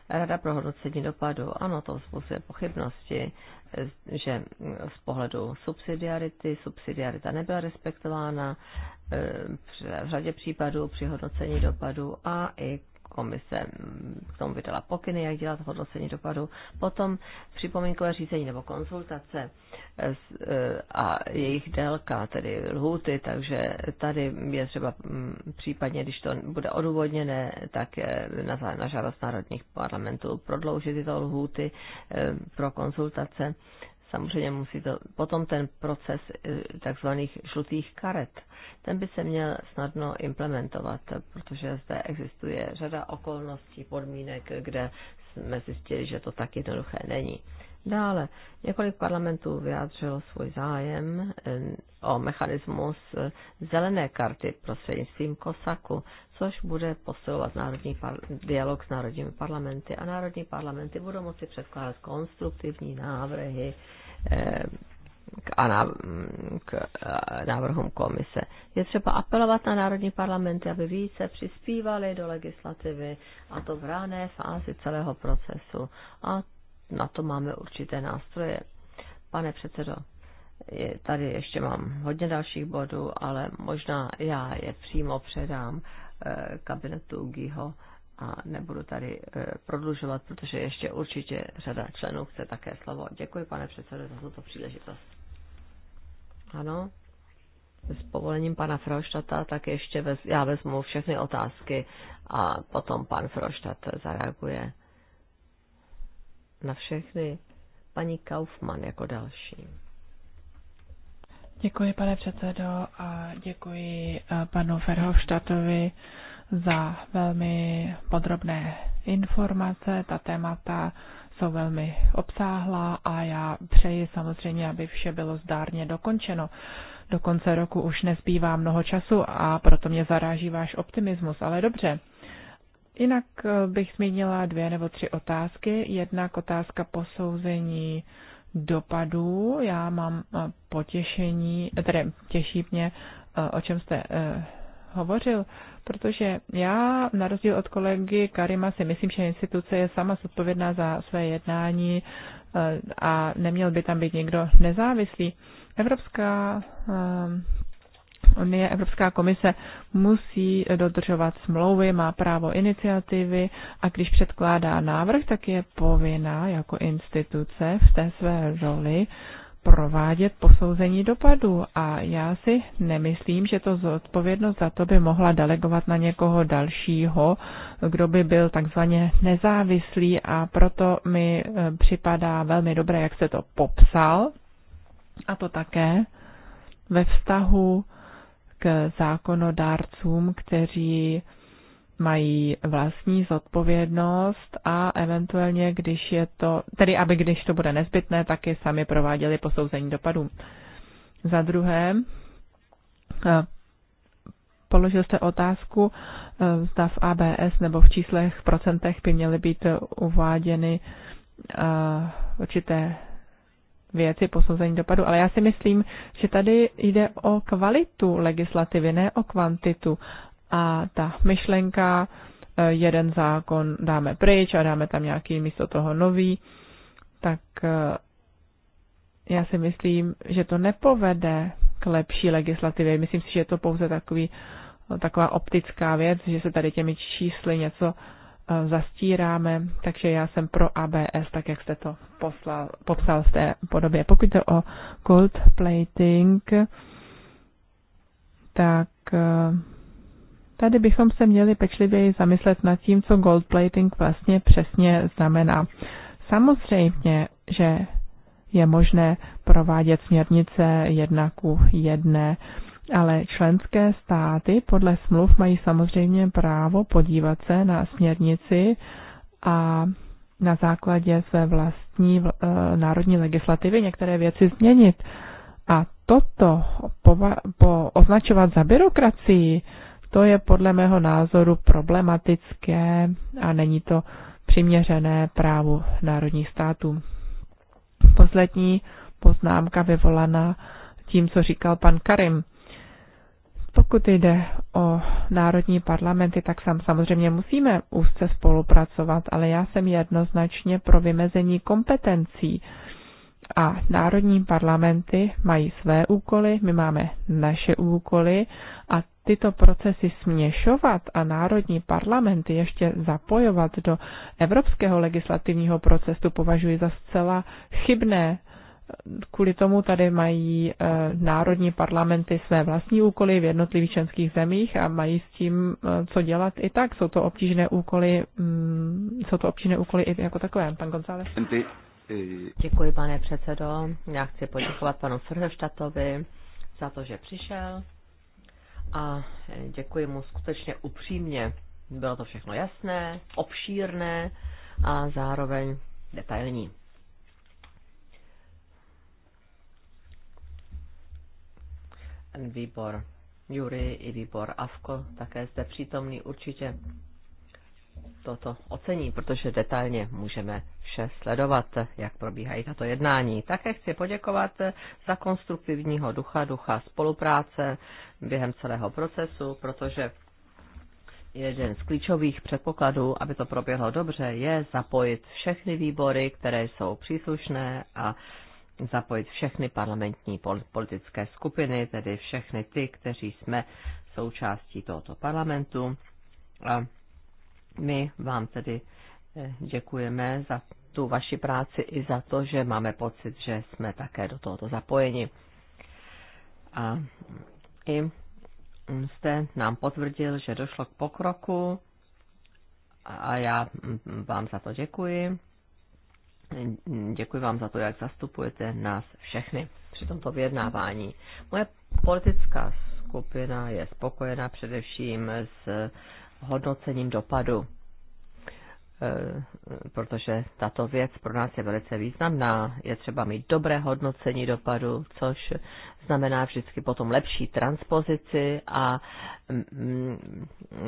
S3: Rada pro hodnocení dopadu, ano, to způsobuje pochybnosti, že z pohledu subsidiarity, subsidiarita nebyla respektována eh, v řadě případů při hodnocení dopadu a i komise k tomu vydala pokyny, jak dělat hodnocení dopadu. Potom připomínkové řízení nebo konzultace eh, eh, a jejich délka, tedy lhůty. takže tady je třeba mm, případně, když to bude odůvodněné, tak na, na žádost národních parlamentů prodloužit tyto lhůty eh, pro konzultace Samozřejmě musí to, potom ten proces eh, takzvaných žlutých karet, ten by se měl snadno implementovat, protože zde existuje řada okolností, podmínek, kde jsme zjistili, že to tak jednoduché není. Dále, několik parlamentů vyjádřilo svůj zájem eh, o mechanismus eh, zelené karty prostřednictvím Kosaku, což bude posilovat národní par- dialog s národními parlamenty a národní parlamenty budou moci předkládat konstruktivní návrhy a na, k eh, návrhům komise. Je třeba apelovat na národní parlamenty, aby více přispívali do legislativy a to v rané fázi celého procesu. A na to máme určité nástroje. Pane předsedo, je, tady ještě mám hodně dalších bodů, ale možná já je přímo předám eh, kabinetu Gýho a nebudu tady e, prodlužovat, protože ještě určitě řada členů chce také slovo. Děkuji, pane předsedo, za tuto příležitost. Ano, s povolením pana Froštata, tak ještě vez, já vezmu všechny otázky a potom pan Froštat zareaguje na všechny. Paní Kaufman jako další.
S1: Děkuji, pane předsedo, a děkuji e, panu Ferhofštatovi za velmi podrobné informace. Ta témata jsou velmi obsáhlá a já přeji samozřejmě, aby vše bylo zdárně dokončeno. Do konce roku už nezbývá mnoho času a proto mě zaráží váš optimismus, ale dobře. Jinak eh, bych zmínila dvě nebo tři otázky. Jednak otázka posouzení dopadů. Já mám eh, potěšení, eh, tedy těší mě, o čem jste hovořil, protože já, na rozdíl od kolegy Karima, si myslím, že instituce je sama zodpovědná za své jednání eh, a neměl by tam být někdo nezávislý. Evropská eh, Unie, Evropská komise musí dodržovat smlouvy, má právo iniciativy a když předkládá návrh, tak je povinná jako instituce v té své roli provádět posouzení dopadů a já si nemyslím, že to zodpovědnost za to by mohla delegovat na někoho dalšího, kdo by byl takzvaně nezávislý a proto mi e, připadá velmi dobré, jak se to popsal a to také ve vztahu k zákonodárcům, kteří mají vlastní zodpovědnost a eventuálně, když je to, tedy aby když to bude nezbytné, taky sami prováděli posouzení dopadů. Za druhé, eh, položil jste otázku, eh, zda v ABS nebo v číslech, v procentech by měly být eh, uváděny určité věci posouzení dopadu, ale já si myslím, že tady jde o kvalitu legislativy, ne o kvantitu a ta myšlenka, eh, jeden zákon dáme pryč a dáme tam nějaký místo toho nový, tak eh, já si myslím, že to nepovede k lepší legislativě. Myslím si, že je to pouze takový, eh, taková optická věc, že se tady těmi čísly něco zastíráme, takže já jsem pro ABS, tak jak jste to poslal, popsal v té podobě. Pokud jde o gold plating, tak Tady bychom se měli pečlivěji zamyslet nad tím, co gold plating vlastně přesně znamená. Samozřejmě, že je možné provádět směrnice jedna ku jedné, ale členské státy podle smluv mají samozřejmě právo podívat se na směrnici a na základě své vlastní eh, národní legislativy některé věci změnit. A toto po, po, označovat za byrokracii, to je podle mého názoru problematické a není to přiměřené právu národních států. Poslední poznámka vyvolaná tím, co říkal pan Karim. Pokud jde o národní parlamenty, tak sam, samozřejmě musíme úzce spolupracovat, ale já jsem jednoznačně pro vymezení kompetencí. A národní parlamenty mají své úkoly, my máme naše úkoly a tyto procesy směšovat a národní parlamenty ještě zapojovat do evropského legislativního procesu, považuji za zcela chybné. Kvůli tomu tady mají e, národní parlamenty své vlastní úkoly v jednotlivých členských zemích a mají s tím e, co dělat i tak. Jsou to obtížné úkoly, mm, jsou to obtížné úkoly i jako takové. Pan González. Děkuji, pane předsedo.
S3: Já chci poděkovat panu Frhoštatovi za to, že přišel a děkuji mu skutečně upřímně. Bylo to všechno jasné, obšírné a zároveň detailní. Výbor Jury i výbor Avko také zde přítomný určitě toto ocení, protože detailně můžeme vše sledovat, jak probíhají tato jednání. Také chci poděkovat za konstruktivního ducha, ducha spolupráce během celého procesu, protože jeden z klíčových předpokladů, aby to proběhlo dobře, je zapojit všechny výbory, které jsou příslušné a zapojit všechny parlamentní politické skupiny, tedy všechny ty, kteří jsme součástí tohoto parlamentu. A my vám tedy eh, děkujeme za tu vaši práci i za to, že máme pocit, že jsme také do tohoto zapojeni. A i jste nám potvrdil, že došlo k pokroku a já vám za to děkuji. Děkuji vám za to, jak zastupujete nás všechny při tomto vyjednávání. Moje politická skupina je spokojená především s hodnocením dopadu, e, protože tato věc pro nás je velice významná. Je třeba mít dobré hodnocení dopadu, což znamená vždycky potom lepší transpozici a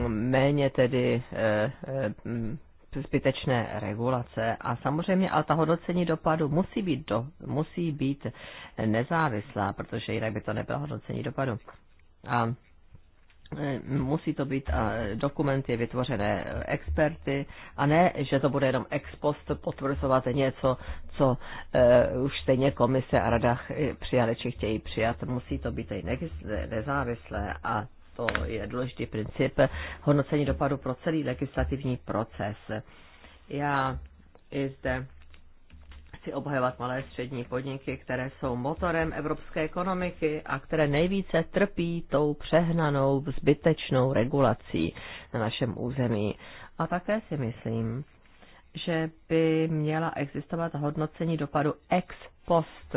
S3: méně tedy e, e, zbytečné regulace a samozřejmě ale ta hodnocení dopadu musí být, do, musí být nezávislá, protože jinak by to nebylo hodnocení dopadu. A Eh, musí to být dokumenty vytvořené eh, experty a ne, že to bude jenom ex post potvrzovat něco, co eh, už stejně komise a rada přijali, či chtějí přijat. Musí to být i nezávislé a to je důležitý princip hodnocení dopadu pro celý legislativní proces. Já i zde chci obhajovat malé střední podniky, které jsou motorem evropské ekonomiky a které nejvíce trpí tou přehnanou, zbytečnou regulací na našem území. A také si myslím, že by měla existovat hodnocení dopadu ex post,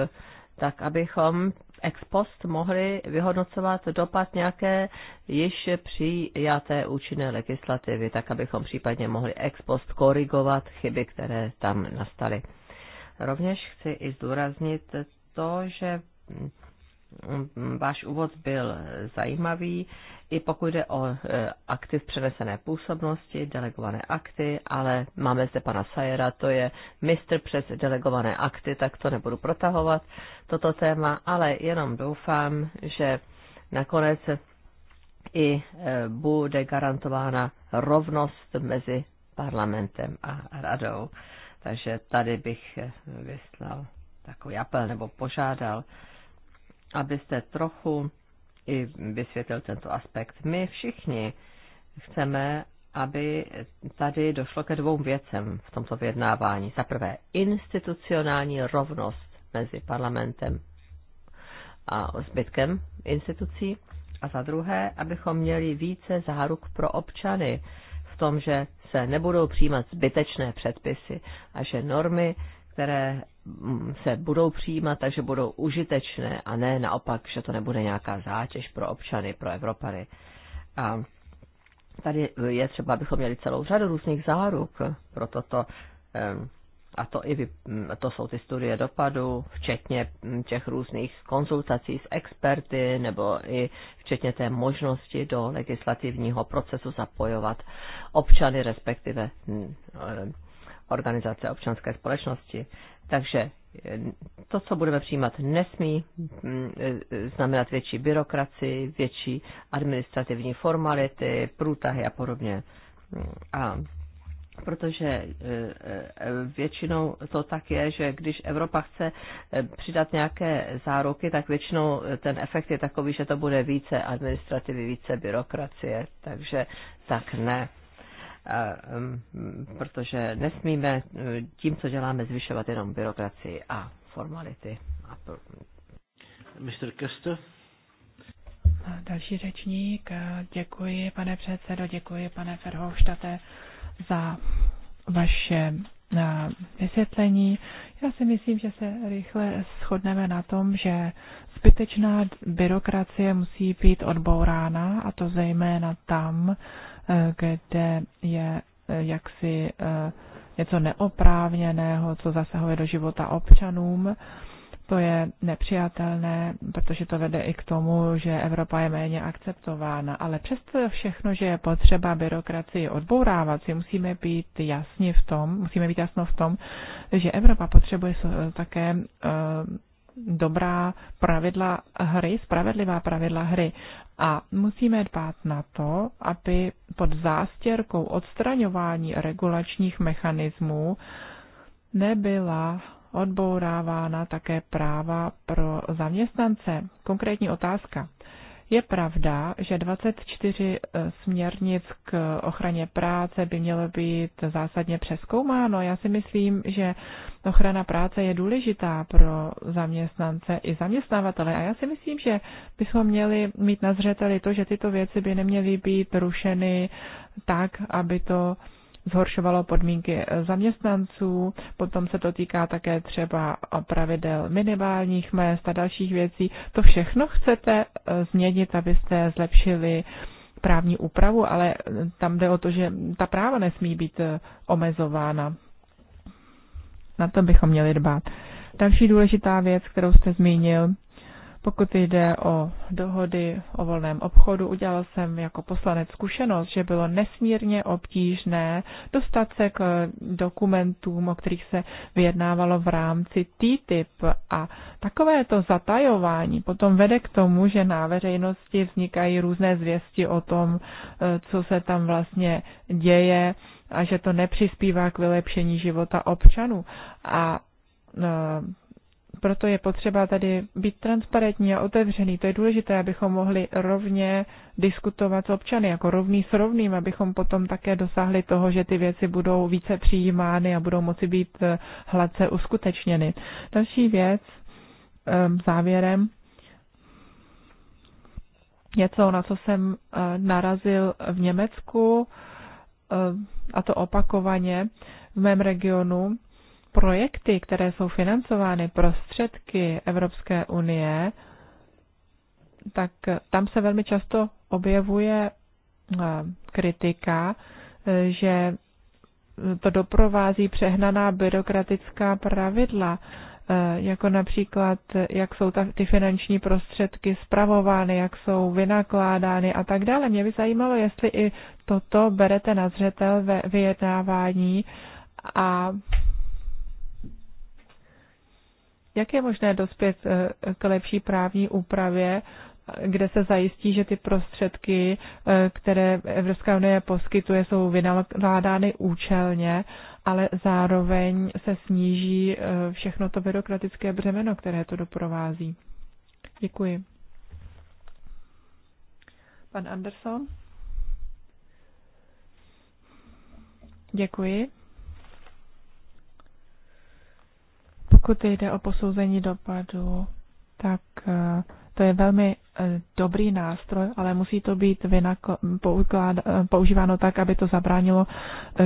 S3: tak abychom ex post mohli vyhodnocovat dopad nějaké již přijaté účinné legislativy, tak abychom případně mohli ex post korigovat chyby, které tam nastaly. Rovněž chci i zdůraznit to, že váš úvod byl zajímavý, i pokud jde o e, aktiv přenesené působnosti, delegované akty, ale máme zde pana Sajera, to je mistr přes delegované akty, tak to nebudu protahovat, toto téma, ale jenom doufám, že nakonec i e, bude garantována rovnost mezi parlamentem a radou. Takže tady bych vyslal takový apel nebo požádal, abyste trochu i vysvětlil tento aspekt. My všichni chceme, aby tady došlo ke dvou věcem v tomto vyjednávání. Za prvé, institucionální rovnost mezi parlamentem a zbytkem institucí. A za druhé, abychom měli více záruk pro občany, v tom, že se nebudou přijímat zbytečné předpisy a že normy, které mm, se budou přijímat, takže budou užitečné a ne naopak, že to nebude nějaká zátěž pro občany, pro Evropany. A tady je třeba, abychom měli celou řadu různých záruk pro toto a to, i, mm, to jsou ty studie dopadu, včetně mm, těch různých konzultací s experty nebo i včetně té možnosti do legislativního procesu zapojovat občany, respektive mm, eh, organizace občanské společnosti. Takže eh, to, co budeme přijímat, nesmí eh, znamenat větší byrokracii, větší administrativní formality, průtahy a podobně. A protože e, e, většinou to tak je, že když Evropa chce e, přidat nějaké záruky, tak většinou ten efekt je takový, že to bude více administrativy, více byrokracie, takže tak ne. Protože nesmíme tím, co děláme, zvyšovat jenom byrokracii a formality.
S1: Mr. Kester? Další řečník. Děkuji, pane předsedo, děkuji, pane Ferhoštate za vaše eh, vysvětlení. Já si myslím, že se rychle shodneme na tom, že zbytečná byrokracie musí být odbourána, a to zejména tam, eh, kde je eh, jaksi něco neoprávněného, co zasahuje do života občanům. To je nepřijatelné, protože to vede i k tomu, že Evropa je méně akceptována. Ale přesto všechno, že je potřeba byrokracii odbourávat, si musíme být jasni v tom, musíme být jasno v tom, že Evropa potřebuje také eh, dobrá pravidla hry, spravedlivá pravidla hry. A musíme dbát na to, aby pod zástěrkou odstraňování regulačních mechanismů nebyla odbourávána také práva pro zaměstnance. Konkrétní otázka. Je pravda, že 24 e, směrnic k ochraně práce by mělo být zásadně přeskoumáno. Já si myslím, že ochrana práce je důležitá pro zaměstnance i zaměstnavatele. A já si myslím, že bychom měli mít na zřeteli to, že tyto věci by neměly být rušeny tak, aby to zhoršovalo podmínky zaměstnanců, potom se to týká také třeba pravidel minimálních mest a dalších věcí. To všechno chcete eh, změnit, abyste zlepšili právní úpravu, ale eh, tam jde o to, že ta práva nesmí být eh, omezována. Na to bychom měli dbát. Další důležitá věc, kterou jste zmínil, pokud jde o dohody o volném obchodu, udělal jsem jako poslanec zkušenost, že bylo nesmírně obtížné dostat se k dokumentům, o kterých se vyjednávalo v rámci TTIP. A takovéto zatajování potom vede k tomu, že na veřejnosti vznikají různé zvěsti o tom, eh, co se tam vlastně děje a že to nepřispívá k vylepšení života občanů. A eh, proto je potřeba tady být transparentní a otevřený. To je důležité, abychom mohli rovně diskutovat s občany, jako rovný s rovným, abychom potom také dosáhli toho, že ty věci budou více přijímány a budou moci být eh, hladce uskutečněny. Další věc ehm, závěrem, něco, na co jsem eh, narazil v Německu, ehm, a to opakovaně v mém regionu, projekty, které jsou financovány prostředky Evropské unie, tak tam se velmi často objevuje eh, kritika, eh, že to doprovází přehnaná byrokratická pravidla, eh, jako například, jak jsou ta, ty finanční prostředky spravovány, jak jsou vynakládány a tak dále. Mě by zajímalo, jestli i toto berete na zřetel ve vyjednávání a jak je možné dospět eh, k lepší právní úpravě, kde se zajistí, že ty prostředky, eh, které Evropská unie poskytuje, jsou vynaládány účelně, ale zároveň se sníží eh, všechno to byrokratické břemeno, které to doprovází. Děkuji. Pan Anderson? Děkuji. Pokud jde o posouzení dopadu, tak eh, to je velmi eh, dobrý nástroj, ale musí to být eh, používáno tak, aby to zabránilo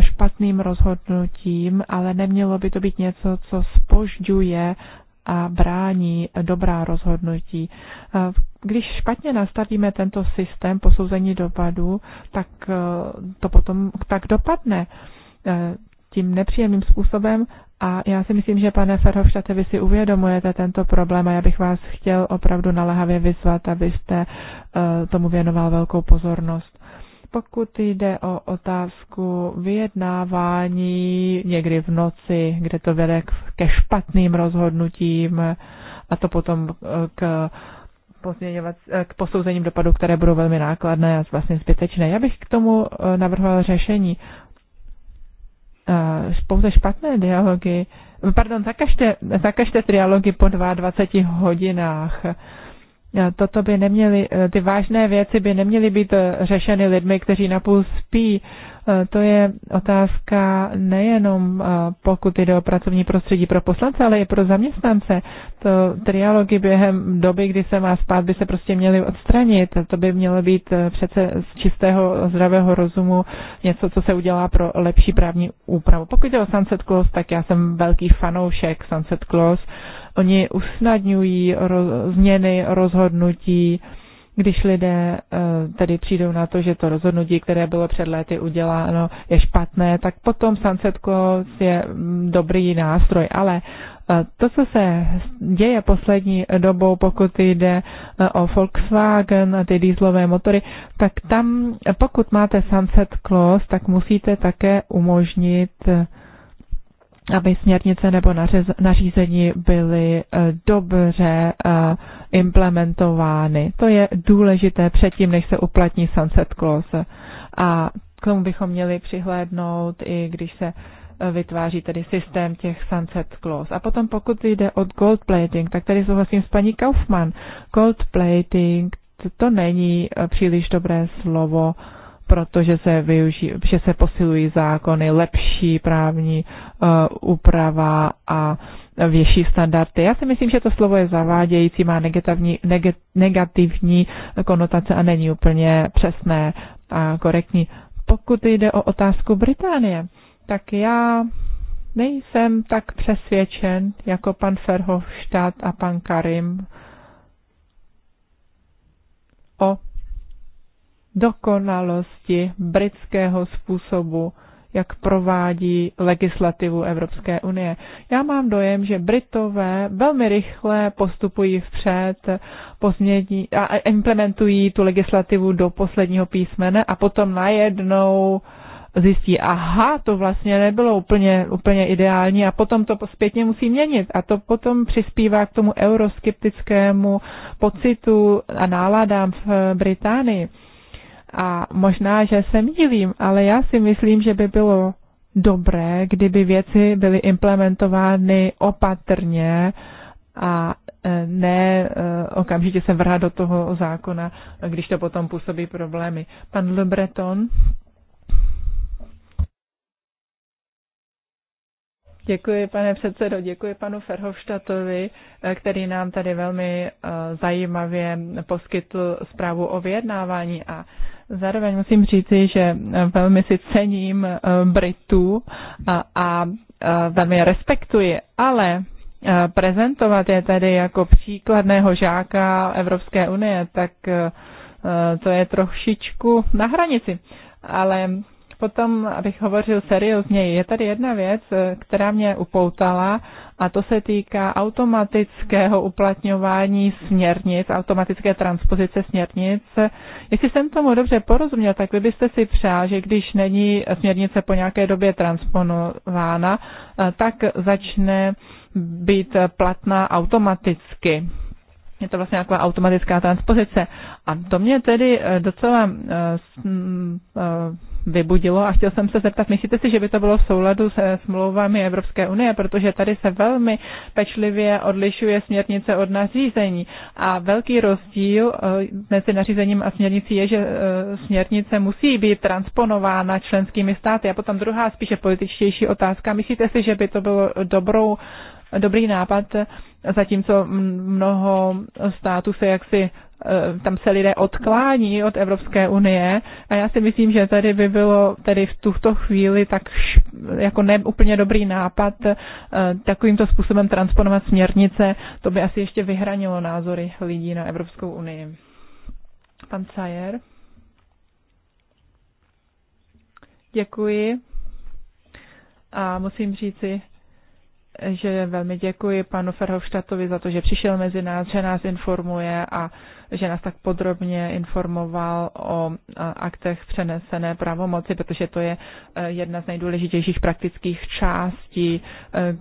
S1: špatným rozhodnutím, ale nemělo by to být něco, co spožďuje a brání dobrá rozhodnutí. Když špatně nastavíme tento systém posouzení dopadu, tak to potom tak dopadne tím nepříjemným způsobem a já si myslím, že pane Ferhofštate, vy si uvědomujete tento problém a já bych vás chtěl opravdu naléhavě vyzvat, abyste eh, tomu věnoval velkou pozornost. Pokud jde o otázku vyjednávání někdy v noci, kde to vede ke špatným rozhodnutím eh, a to potom eh, k k posouzením dopadu, které budou velmi nákladné a vlastně zbytečné. Já bych k tomu navrhoval řešení. Eh, pouze špatné dialogy, pardon, zakažte, zakažte trialogy po 22 hodinách. Eh, toto by neměly, eh, ty vážné věci by neměly být řešeny lidmi, kteří napůl spí. Eh, to je otázka nejenom eh, pokud jde o pracovní prostředí pro poslance, ale i pro zaměstnance. To triálogy během doby, kdy se má spát, by se prostě měly odstranit. To by mělo být eh, přece z čistého zdravého rozumu něco, co se udělá pro lepší právní úpravu. Pokud jde o Sunset Clause, tak já jsem velký fanoušek Sunset Clause. Oni usnadňují roz, změny rozhodnutí, když lidé eh, tedy přijdou na to, že to rozhodnutí, které bylo před léty uděláno, je špatné, tak potom Sunset Clause je mm, dobrý nástroj. Ale eh, to, co se děje poslední dobou, pokud jde eh, o Volkswagen a ty dýzlové motory, tak tam, pokud máte Sunset Clause, tak musíte také umožnit aby směrnice nebo nařízení byly eh, dobře eh, implementovány. To je důležité předtím, než se uplatní sunset clause. A k tomu bychom měli přihlédnout, i když se eh, vytváří tedy systém těch sunset clause. A potom pokud jde od gold plating, tak tady souhlasím s paní Kaufman. Gold plating to není příliš dobré slovo. Uh, protože se, využí, že se posilují zákony, lepší právní uh, úprava a větší standardy. Já si myslím, že to slovo je zavádějící, má negativní, negativní konotace a není úplně přesné a korektní. Pokud jde o otázku Británie, tak já nejsem tak přesvědčen jako pan Ferhofstadt a pan Karim o dokonalosti britského způsobu, jak provádí legislativu Evropské unie. Já mám dojem, že Britové velmi rychle postupují vpřed a implementují tu legislativu do posledního písmene a potom najednou zjistí, aha, to vlastně nebylo úplně, úplně ideální a potom to zpětně musí měnit a to potom přispívá k tomu euroskeptickému pocitu a náladám v Británii. A možná, že se mýlím, ale já si myslím, že by bylo dobré, kdyby věci byly implementovány opatrně a e, ne e, okamžitě se vrhat do toho zákona, když to potom působí problémy. Pan Le Breton. Děkuji, pane předsedo, děkuji panu Ferhovštatovi, e, který nám tady velmi zajímavě poskytl zprávu o vyjednávání a Zároveň musím říci, že eh, velmi si cením eh, Britů a, a eh, velmi je respektuji, ale prezentovat je tedy jako příkladného žáka Evropské unie, tak to je trošičku na hranici. Ale potom, abych hovořil seriózněji, je tady jedna věc, která mě upoutala a to se týká automatického uplatňování směrnic, automatické transpozice směrnic. Jestli jsem tomu dobře porozuměl, tak vy byste si přál, že když není směrnice po nějaké době transponována, eh, tak začne být platná automaticky. Je to vlastně nějaká automatická transpozice. A to mě tedy eh, docela eh, vybudilo a chtěl jsem se zeptat, myslíte si, že by to bylo v souladu se smlouvami Evropské unie, protože tady se velmi pečlivě odlišuje směrnice od nařízení a velký rozdíl eh, mezi nařízením a směrnicí je, že eh, směrnice musí být transponována členskými státy a potom druhá spíše političtější otázka. Myslíte si, že by to bylo dobrou, dobrý nápad, zatímco mnoho států se jaksi Eh, tam se lidé odklání od Evropské unie a já si myslím, že tady by bylo tady v tuto chvíli tak jako ne úplně dobrý nápad eh, takovýmto způsobem transponovat směrnice, to by asi ještě vyhranilo názory lidí na Evropskou unii. Pan Sayer. Děkuji. A musím říci, že velmi děkuji panu Ferhofštatovi za to, že přišel mezi nás, že nás informuje a že nás tak podrobně informoval o aktech přenesené pravomoci, protože to je e, jedna z nejdůležitějších praktických částí, e,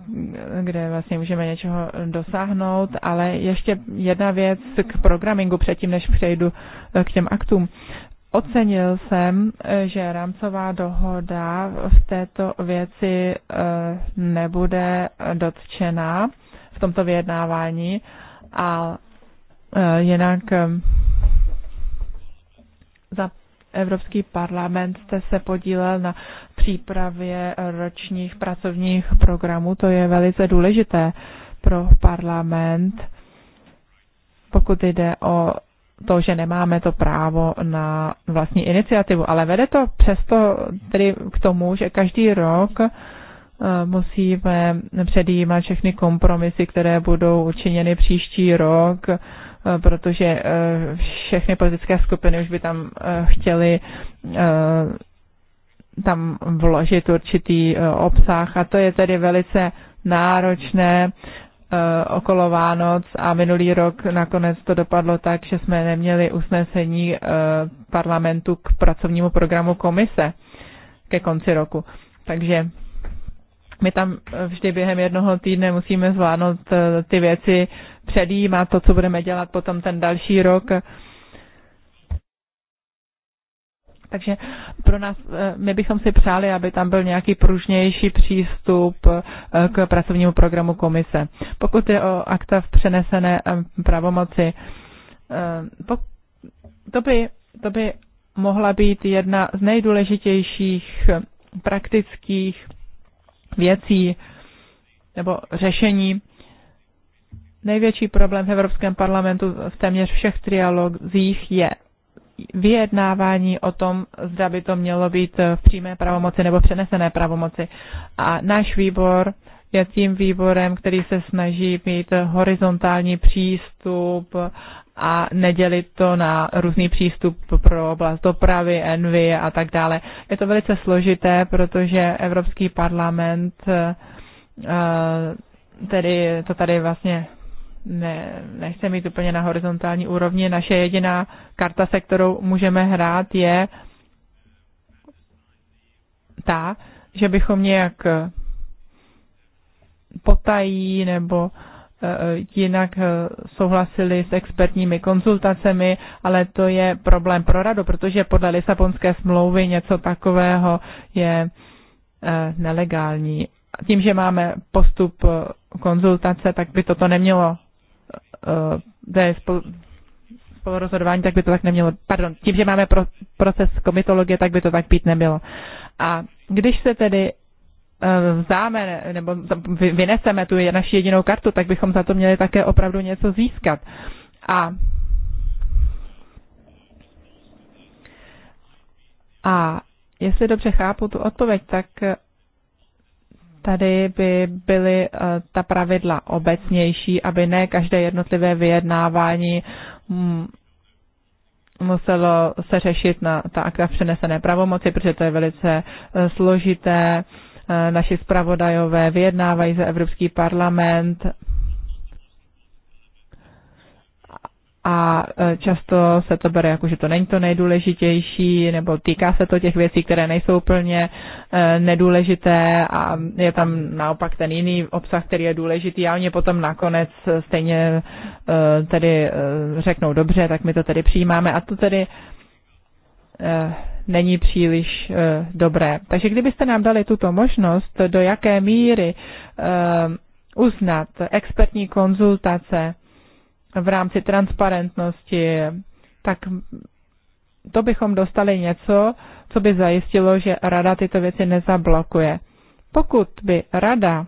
S1: kde vlastně můžeme něčeho dosáhnout. Ale ještě jedna věc k programingu předtím, než přejdu e, k těm aktům. Ocenil jsem, že rámcová dohoda v této věci eh, nebude dotčena v tomto vyjednávání a eh, jinak eh, za Evropský parlament jste se podílel na přípravě ročních pracovních programů. To je velice důležité pro parlament, pokud jde o to, že nemáme to právo na vlastní iniciativu, ale vede to přesto tedy k tomu, že každý rok eh, musíme předjímat všechny kompromisy, které budou učiněny příští rok, eh, protože eh, všechny politické skupiny už by tam chtěly tam vložit určitý obsah a to je tedy velice náročné Eh, okolo Vánoc a minulý rok nakonec to dopadlo tak, že jsme neměli usnesení eh, parlamentu k pracovnímu programu komise ke konci roku. Takže my tam vždy během jednoho týdne musíme zvládnout eh, ty věci, předjímat to, co budeme dělat potom ten další rok. Takže pro nás, eh, my bychom si přáli, aby tam byl nějaký pružnější přístup eh, k pracovnímu programu komise. Pokud je o akta v přenesené eh, pravomoci, to by, to by mohla být jedna z nejdůležitějších praktických věcí nebo řešení. Největší problém v Evropském parlamentu v téměř všech trialogzích je vyjednávání o tom, zda by to mělo být v přímé pravomoci nebo přenesené pravomoci. A náš výbor je tím výborem, který se snaží mít horizontální přístup a nedělit to na různý přístup pro oblast dopravy, envy a tak dále. Je to velice složité, protože Evropský parlament eh, tedy to tady vlastně ne, nechce mít úplně na horizontální úrovni. Naše jediná karta, se kterou můžeme hrát, je ta, že bychom nějak eh, potají nebo eh, eh, jinak souhlasili s expertními konzultacemi, ale to je problém pro radu, protože podle Lisabonské smlouvy něco takového je nelegální. Tím, že máme postup konzultace, tak by toto nemělo Eh, ve spolurozhodování, tak by to tak nemělo, pardon, tím, že máme pro, proces komitologie, tak by to tak být nemělo. A když se tedy eh, vzáme nebo vyneseme tu naši jedinou kartu, tak bychom za to měli také opravdu něco získat. A a jestli dobře chápu tu odpověď, tak Tady by byly eh, ta pravidla obecnější, aby ne každé jednotlivé vyjednávání mm, muselo se řešit na ta akta přenesené pravomoci, protože to je velice eh, složité. Eh, naši zpravodajové vyjednávají za Evropský parlament a e, často se to bere jako, že to není to nejdůležitější, nebo týká se to těch věcí, které nejsou úplně e, nedůležité a je tam naopak ten jiný obsah, který je důležitý a oni potom nakonec stejně e, tedy řeknou dobře, tak my to tedy přijímáme a to tedy není příliš dobré. Takže kdybyste nám dali tuto možnost, do jaké míry uznat expertní konzultace, v rámci transparentnosti, tak to bychom dostali něco, co by zajistilo, že rada tyto věci nezablokuje. Pokud by rada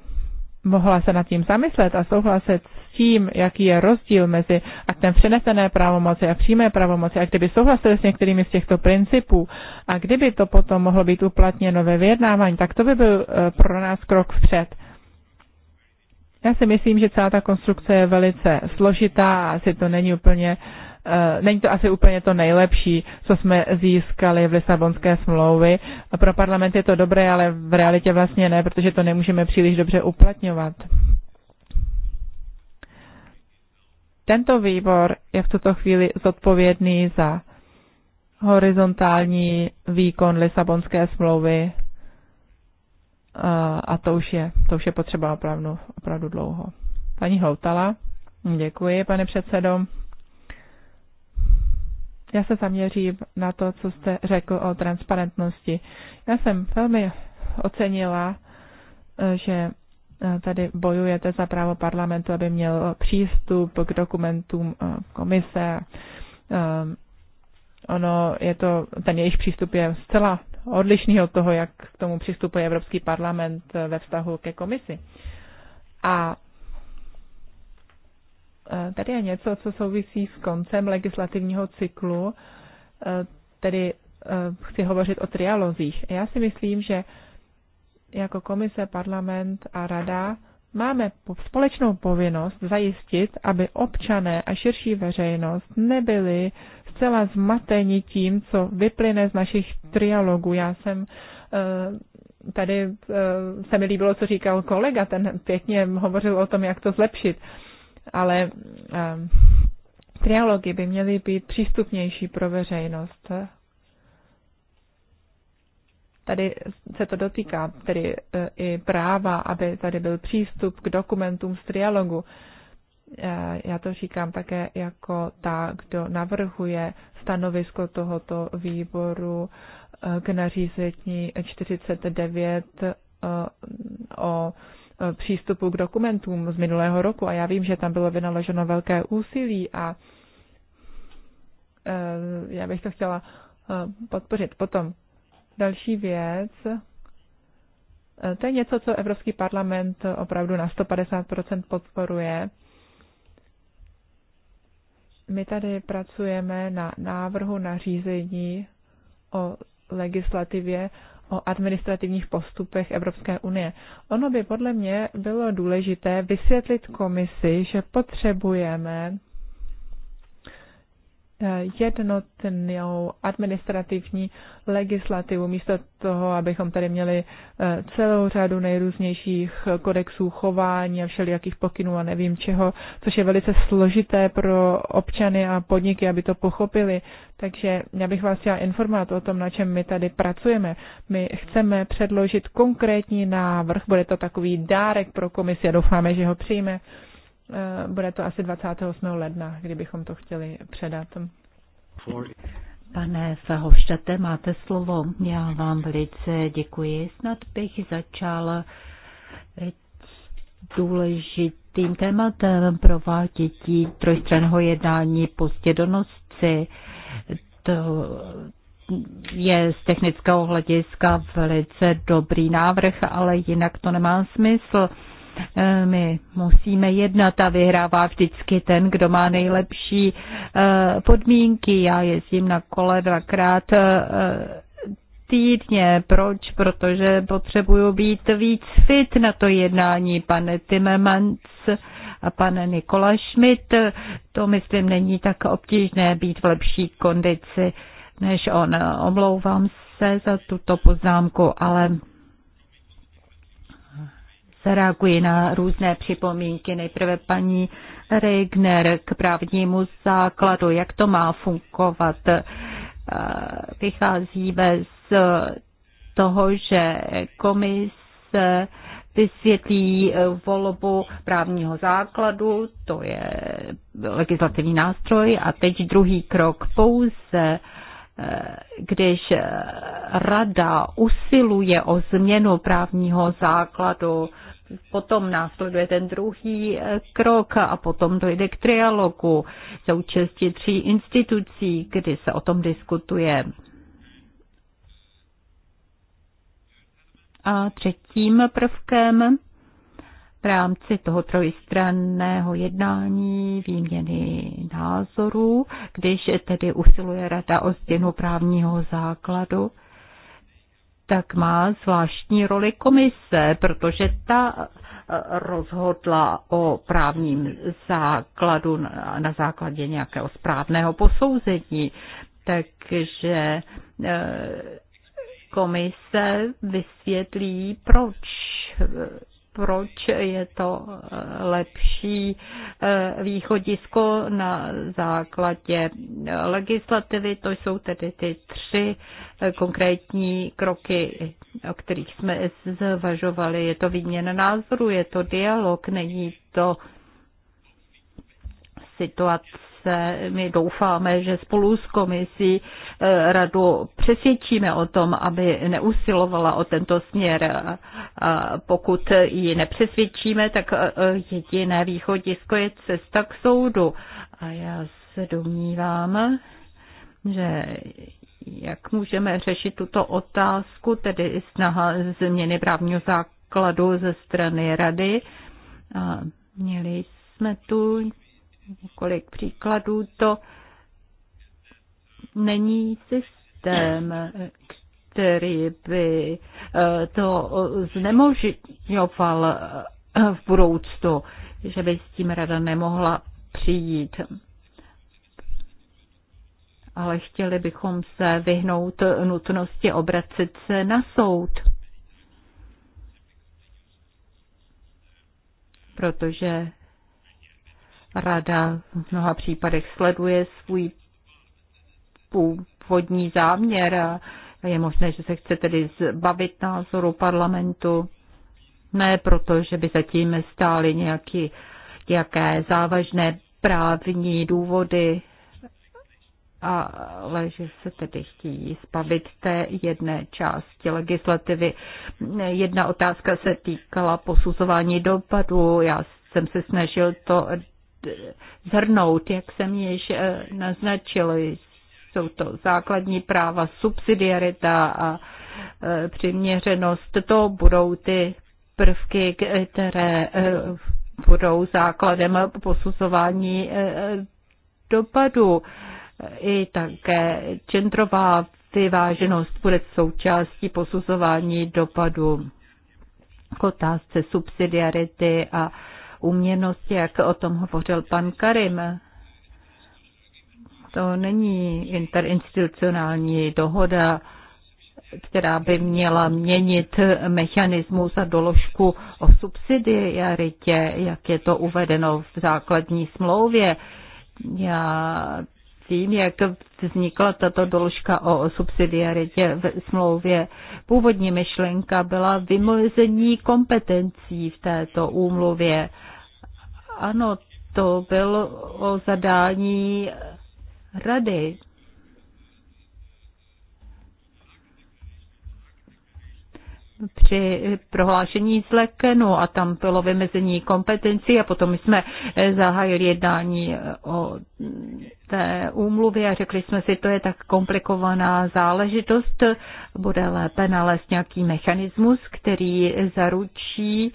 S1: mohla se nad tím zamyslet a souhlasit s tím, jaký je rozdíl mezi aktem přenesené pravomoci a přímé pravomoci, a kdyby souhlasili s některými z těchto principů, a kdyby to potom mohlo být uplatněno ve vyjednávání, tak to by byl eh, pro nás krok vpřed. Já si myslím, že celá ta konstrukce je velice složitá a asi to není úplně eh, Není to asi úplně to nejlepší, co jsme získali v Lisabonské smlouvy. Pro parlament je to dobré, ale v realitě vlastně ne, protože to nemůžeme příliš dobře uplatňovat. Tento výbor je v tuto chvíli zodpovědný za horizontální výkon Lisabonské smlouvy a to už je, to už je potřeba opravdu, opravdu dlouho. Paní Hloutala, děkuji, pane předsedo. Já se zaměřím na to, co jste řekl o transparentnosti. Já jsem velmi ocenila, že e, tady bojujete za právo parlamentu, aby měl přístup k dokumentům e, komise. E, ono je to, ten jejich přístup je zcela odlišný od toho, jak k tomu přistupuje Evropský parlament eh, ve vztahu ke komisi. A eh, tady je něco, co souvisí s koncem legislativního cyklu, eh, tedy chci hovořit o trialozích. Já si myslím, že jako komise, parlament a rada máme společnou povinnost zajistit, aby občané a širší veřejnost nebyli zcela zmateni tím, co vyplyne z našich trialogů. Já jsem eh, tady eh, se mi líbilo, co říkal kolega, ten pěkně hovořil o tom, jak to zlepšit, ale eh, trialogy by měly být přístupnější pro veřejnost. Tady se to dotýká tedy i práva, aby tady byl přístup k dokumentům z trialogu. Eh, já to říkám také jako ta, kdo navrhuje stanovisko tohoto výboru eh, k nařízení 49 eh, o přístupu k dokumentům z minulého roku a já vím, že tam bylo vynaloženo velké úsilí a já bych to chtěla podpořit. Potom další věc, to je něco, co Evropský parlament opravdu na 150% podporuje my tady pracujeme na návrhu nařízení o legislativě o administrativních postupech Evropské unie. Ono by podle mě bylo důležité vysvětlit komisi, že potřebujeme jednotnou administrativní legislativu, místo toho, abychom tady měli eh, celou řadu nejrůznějších kodexů chování a všelijakých pokynů a nevím čeho, což je velice složité pro občany a podniky, aby to pochopili. Takže já bych vás chtěla informovat o tom, na čem my tady pracujeme. My chceme předložit konkrétní návrh, bude to takový dárek pro komisi a doufáme, že ho přijme Eh, bude to asi 28. ledna, kdybychom to chtěli předat.
S2: Pane Sahovštate, máte slovo. Já vám velice děkuji. Snad bych začal eh, důležitým tématem provádětí trojstranného jednání postědonosci. To je z technického hlediska velice dobrý návrh, ale jinak to nemá smysl Eh, my musíme jednat a vyhrává vždycky ten, kdo má nejlepší eh, podmínky. Já jezdím na kole dvakrát eh, týdně. Proč? Protože potřebuju být víc fit na to jednání, pane Timemans a pane Nikola Schmidt. To, myslím, není tak obtížné být v lepší kondici než on. Omlouvám se za tuto poznámku, ale zareaguji na různé připomínky. Nejprve paní Regner k právnímu základu, jak to má fungovat. Eh, vycházíme z toho, že komise vysvětlí volbu právního základu, to je legislativní nástroj, a teď druhý krok pouze eh, když rada usiluje o změnu právního základu, Potom následuje ten druhý eh, krok a potom dojde k trialogu za účastí tří institucí, kdy se o tom diskutuje. A třetím prvkem v rámci toho trojstranného jednání výměny názorů, když tedy usiluje Rada o stěnu právního základu, tak má zvláštní roli komise, protože ta eh, rozhodla o právním základu na základě nějakého správného posouzení. Takže eh, komise vysvětlí, proč eh, proč je to eh, lepší eh, východisko na základě legislativy. To jsou tedy ty tři eh, konkrétní kroky, o kterých jsme zvažovali. Je to výměna názoru, je to dialog, není to situace se My doufáme, že spolu s komisí eh, radu přesvědčíme o tom, aby neusilovala o tento směr. A pokud ji nepřesvědčíme, tak eh, jediné východisko je cesta k soudu. A já se domnívám, že jak můžeme řešit tuto otázku, tedy snaha změny právního základu ze strany rady. A měli jsme tu několik příkladů. To není systém, který by eh, to znemožňoval eh, v budoucnu, že by s tím rada nemohla přijít. Ale chtěli bychom se vyhnout nutnosti obracet se na soud. Protože Rada v mnoha případech sleduje svůj původní záměr a je možné, že se chce tedy zbavit názoru parlamentu. Ne proto, že by zatím stály nějaký, nějaké závažné právní důvody, ale že se tedy chtějí zbavit té jedné části legislativy. Jedna otázka se týkala posuzování dopadu. Já jsem se snažil to zhrnout, jak jsem již eh, naznačil, jsou to základní práva, subsidiarita a eh, přiměřenost. To budou ty prvky, které eh, budou základem posuzování dopadu. I také centrová vyváženost bude součástí posuzování dopadu k otázce subsidiarity a uměnost, jak o tom hovořil pan Karim. To není interinstitucionální dohoda, která by měla měnit mechanismus a doložku o subsidiaritě, jak je to uvedeno v základní smlouvě. Já tím, jak vznikla tato doložka o subsidiaritě v smlouvě. Původní myšlenka byla vymezení kompetencí v této úmluvě ano, to bylo o zadání rady. při prohlášení z Lekenu a tam bylo vymezení kompetencí a potom jsme zahájili jednání o té úmluvy a řekli jsme si, to je tak komplikovaná záležitost, bude lépe nalézt nějaký mechanismus, který zaručí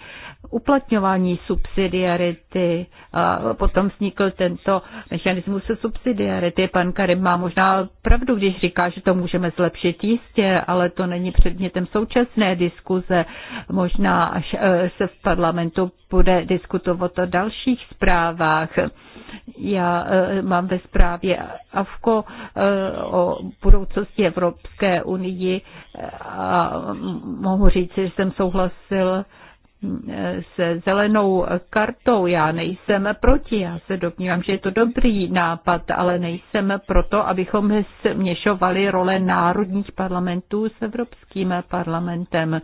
S2: uplatňování subsidiarity. A potom vznikl tento mechanismus subsidiarity. Pan Karim má možná pravdu, když říká, že to můžeme zlepšit jistě, ale to není předmětem současné diskuze. Možná až e, se v parlamentu bude diskutovat o dalších zprávách. Já e, mám ve zprávě právě AVKO eh, o budoucnosti Evropské unii a mohu říct, že jsem souhlasil eh, se zelenou kartou. Já nejsem proti, já se domnívám, že je to dobrý nápad, ale nejsem proto, abychom směšovali role národních parlamentů s Evropským parlamentem.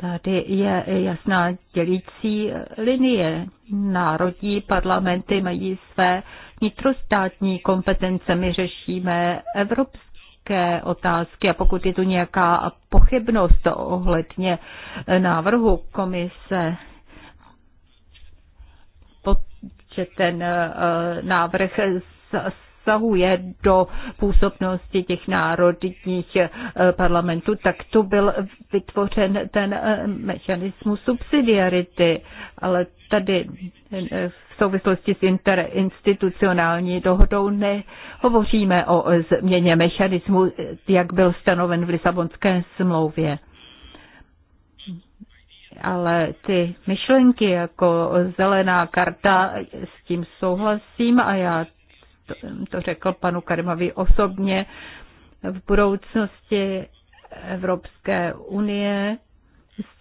S2: Tady je jasná dělící linie. Národní parlamenty mají své vnitrostátní kompetence. My řešíme evropské otázky a pokud je tu nějaká pochybnost ohledně návrhu komise, že ten eh, návrh zasahuje do působnosti těch národních eh, parlamentů, tak tu byl vytvořen ten eh, mechanismus subsidiarity, ale tady eh, v souvislosti s interinstitucionální dohodou nehovoříme o změně mechanismu, jak byl stanoven v Lisabonské smlouvě ale ty myšlenky jako zelená karta, s tím souhlasím a já to řekl panu Karimovi osobně, v budoucnosti Evropské unie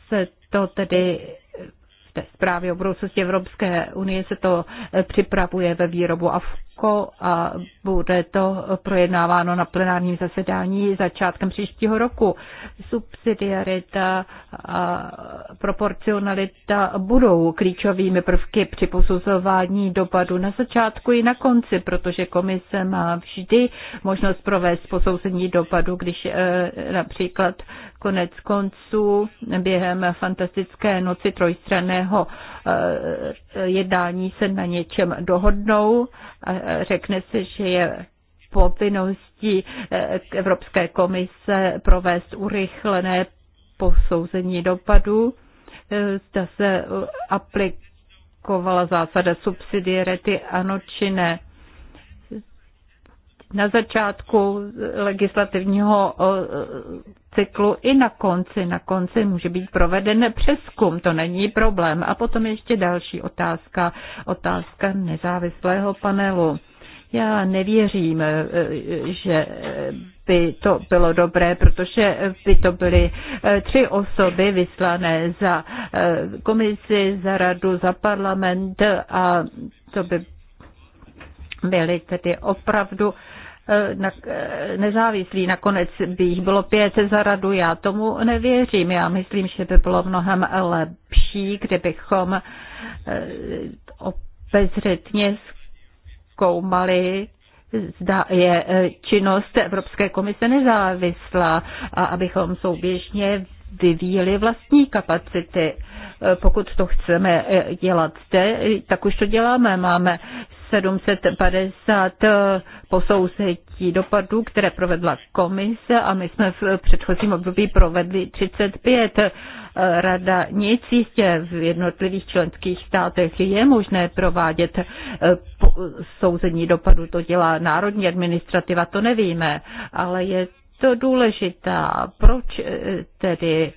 S2: se to tedy té zprávě o budoucnosti Evropské unie se to eh, připravuje ve výrobu AFKO a bude to projednáváno na plenárním zasedání začátkem příštího roku. Subsidiarita a proporcionalita budou klíčovými prvky při posuzování dopadu na začátku i na konci, protože komise má vždy možnost provést posouzení dopadu, když eh, například Konec konců během fantastické noci trojstraného eh, jednání se na něčem dohodnou. A řekne se, že je povinností eh, Evropské komise provést urychlené posouzení dopadu. Eh, zda se aplikovala zásada subsidiarity, ano či ne na začátku legislativního e, cyklu i na konci. Na konci může být proveden přeskum, to není problém. A potom ještě další otázka, otázka nezávislého panelu. Já nevěřím, e, že by to bylo dobré, protože by to byly e, tři osoby vyslané za komisi, za radu, za parlament a to by byly tedy opravdu Eh, na, eh, nezávislí. Nakonec by jich bylo pět za radu. Já tomu nevěřím. Já myslím, že by bylo mnohem lepší, kdybychom eh, obezřetně zkoumali zda je činnost Evropské komise nezávislá a abychom souběžně vyvíjeli vlastní kapacity. Eh, pokud to chceme eh, dělat zde, tak už to děláme. Máme 750 eh, posouzetí dopadů, které provedla komise a my jsme v předchozím období provedli 35. Rada nic jistě v jednotlivých členských státech je možné provádět souzení dopadů. to dělá národní administrativa, to nevíme, ale je to důležitá. Proč tedy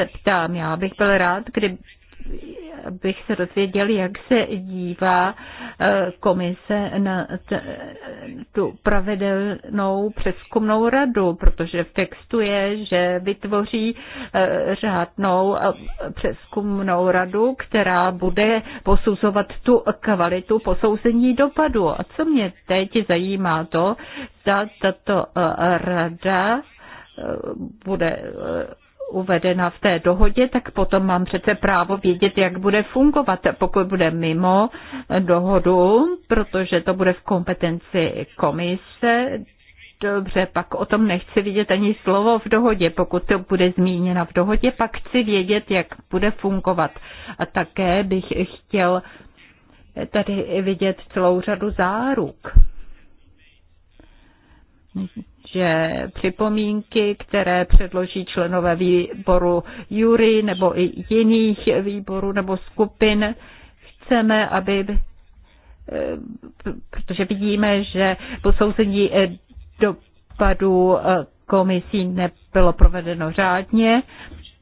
S2: se ptám. Já bych byl rád, kdybych se dozvěděl, jak se dívá eh, komise na tu pravidelnou přeskumnou radu, protože v textu je, že vytvoří eh, řádnou eh, přeskumnou radu, která bude posuzovat tu kvalitu posouzení dopadu. A co mě teď zajímá to, zda tato rada bude uvedena v té dohodě, tak potom mám přece právo vědět, jak bude fungovat, pokud bude mimo dohodu, protože to bude v kompetenci komise. Dobře, pak o tom nechci vidět ani slovo v dohodě. Pokud to bude zmíněna v dohodě, pak chci vědět, jak bude fungovat. A také bych chtěl tady vidět celou řadu záruk že připomínky, které předloží členové výboru jury nebo i jiných výborů nebo skupin, chceme, aby eh, protože vidíme, že posouzení eh, dopadu eh, komisí nebylo provedeno řádně.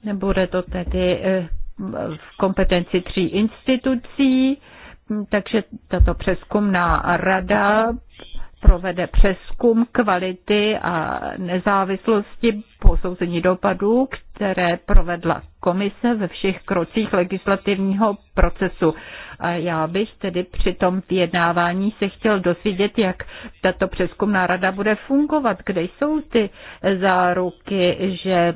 S2: nebude to tedy v kompetenci tří institucí, takže tato přeskumná rada provede přeskum kvality a nezávislosti posouzení dopadů, které provedla komise ve všech krocích legislativního procesu. A já bych tedy při tom vyjednávání se chtěl dosvědět, jak tato přeskumná rada bude fungovat, kde jsou ty záruky, že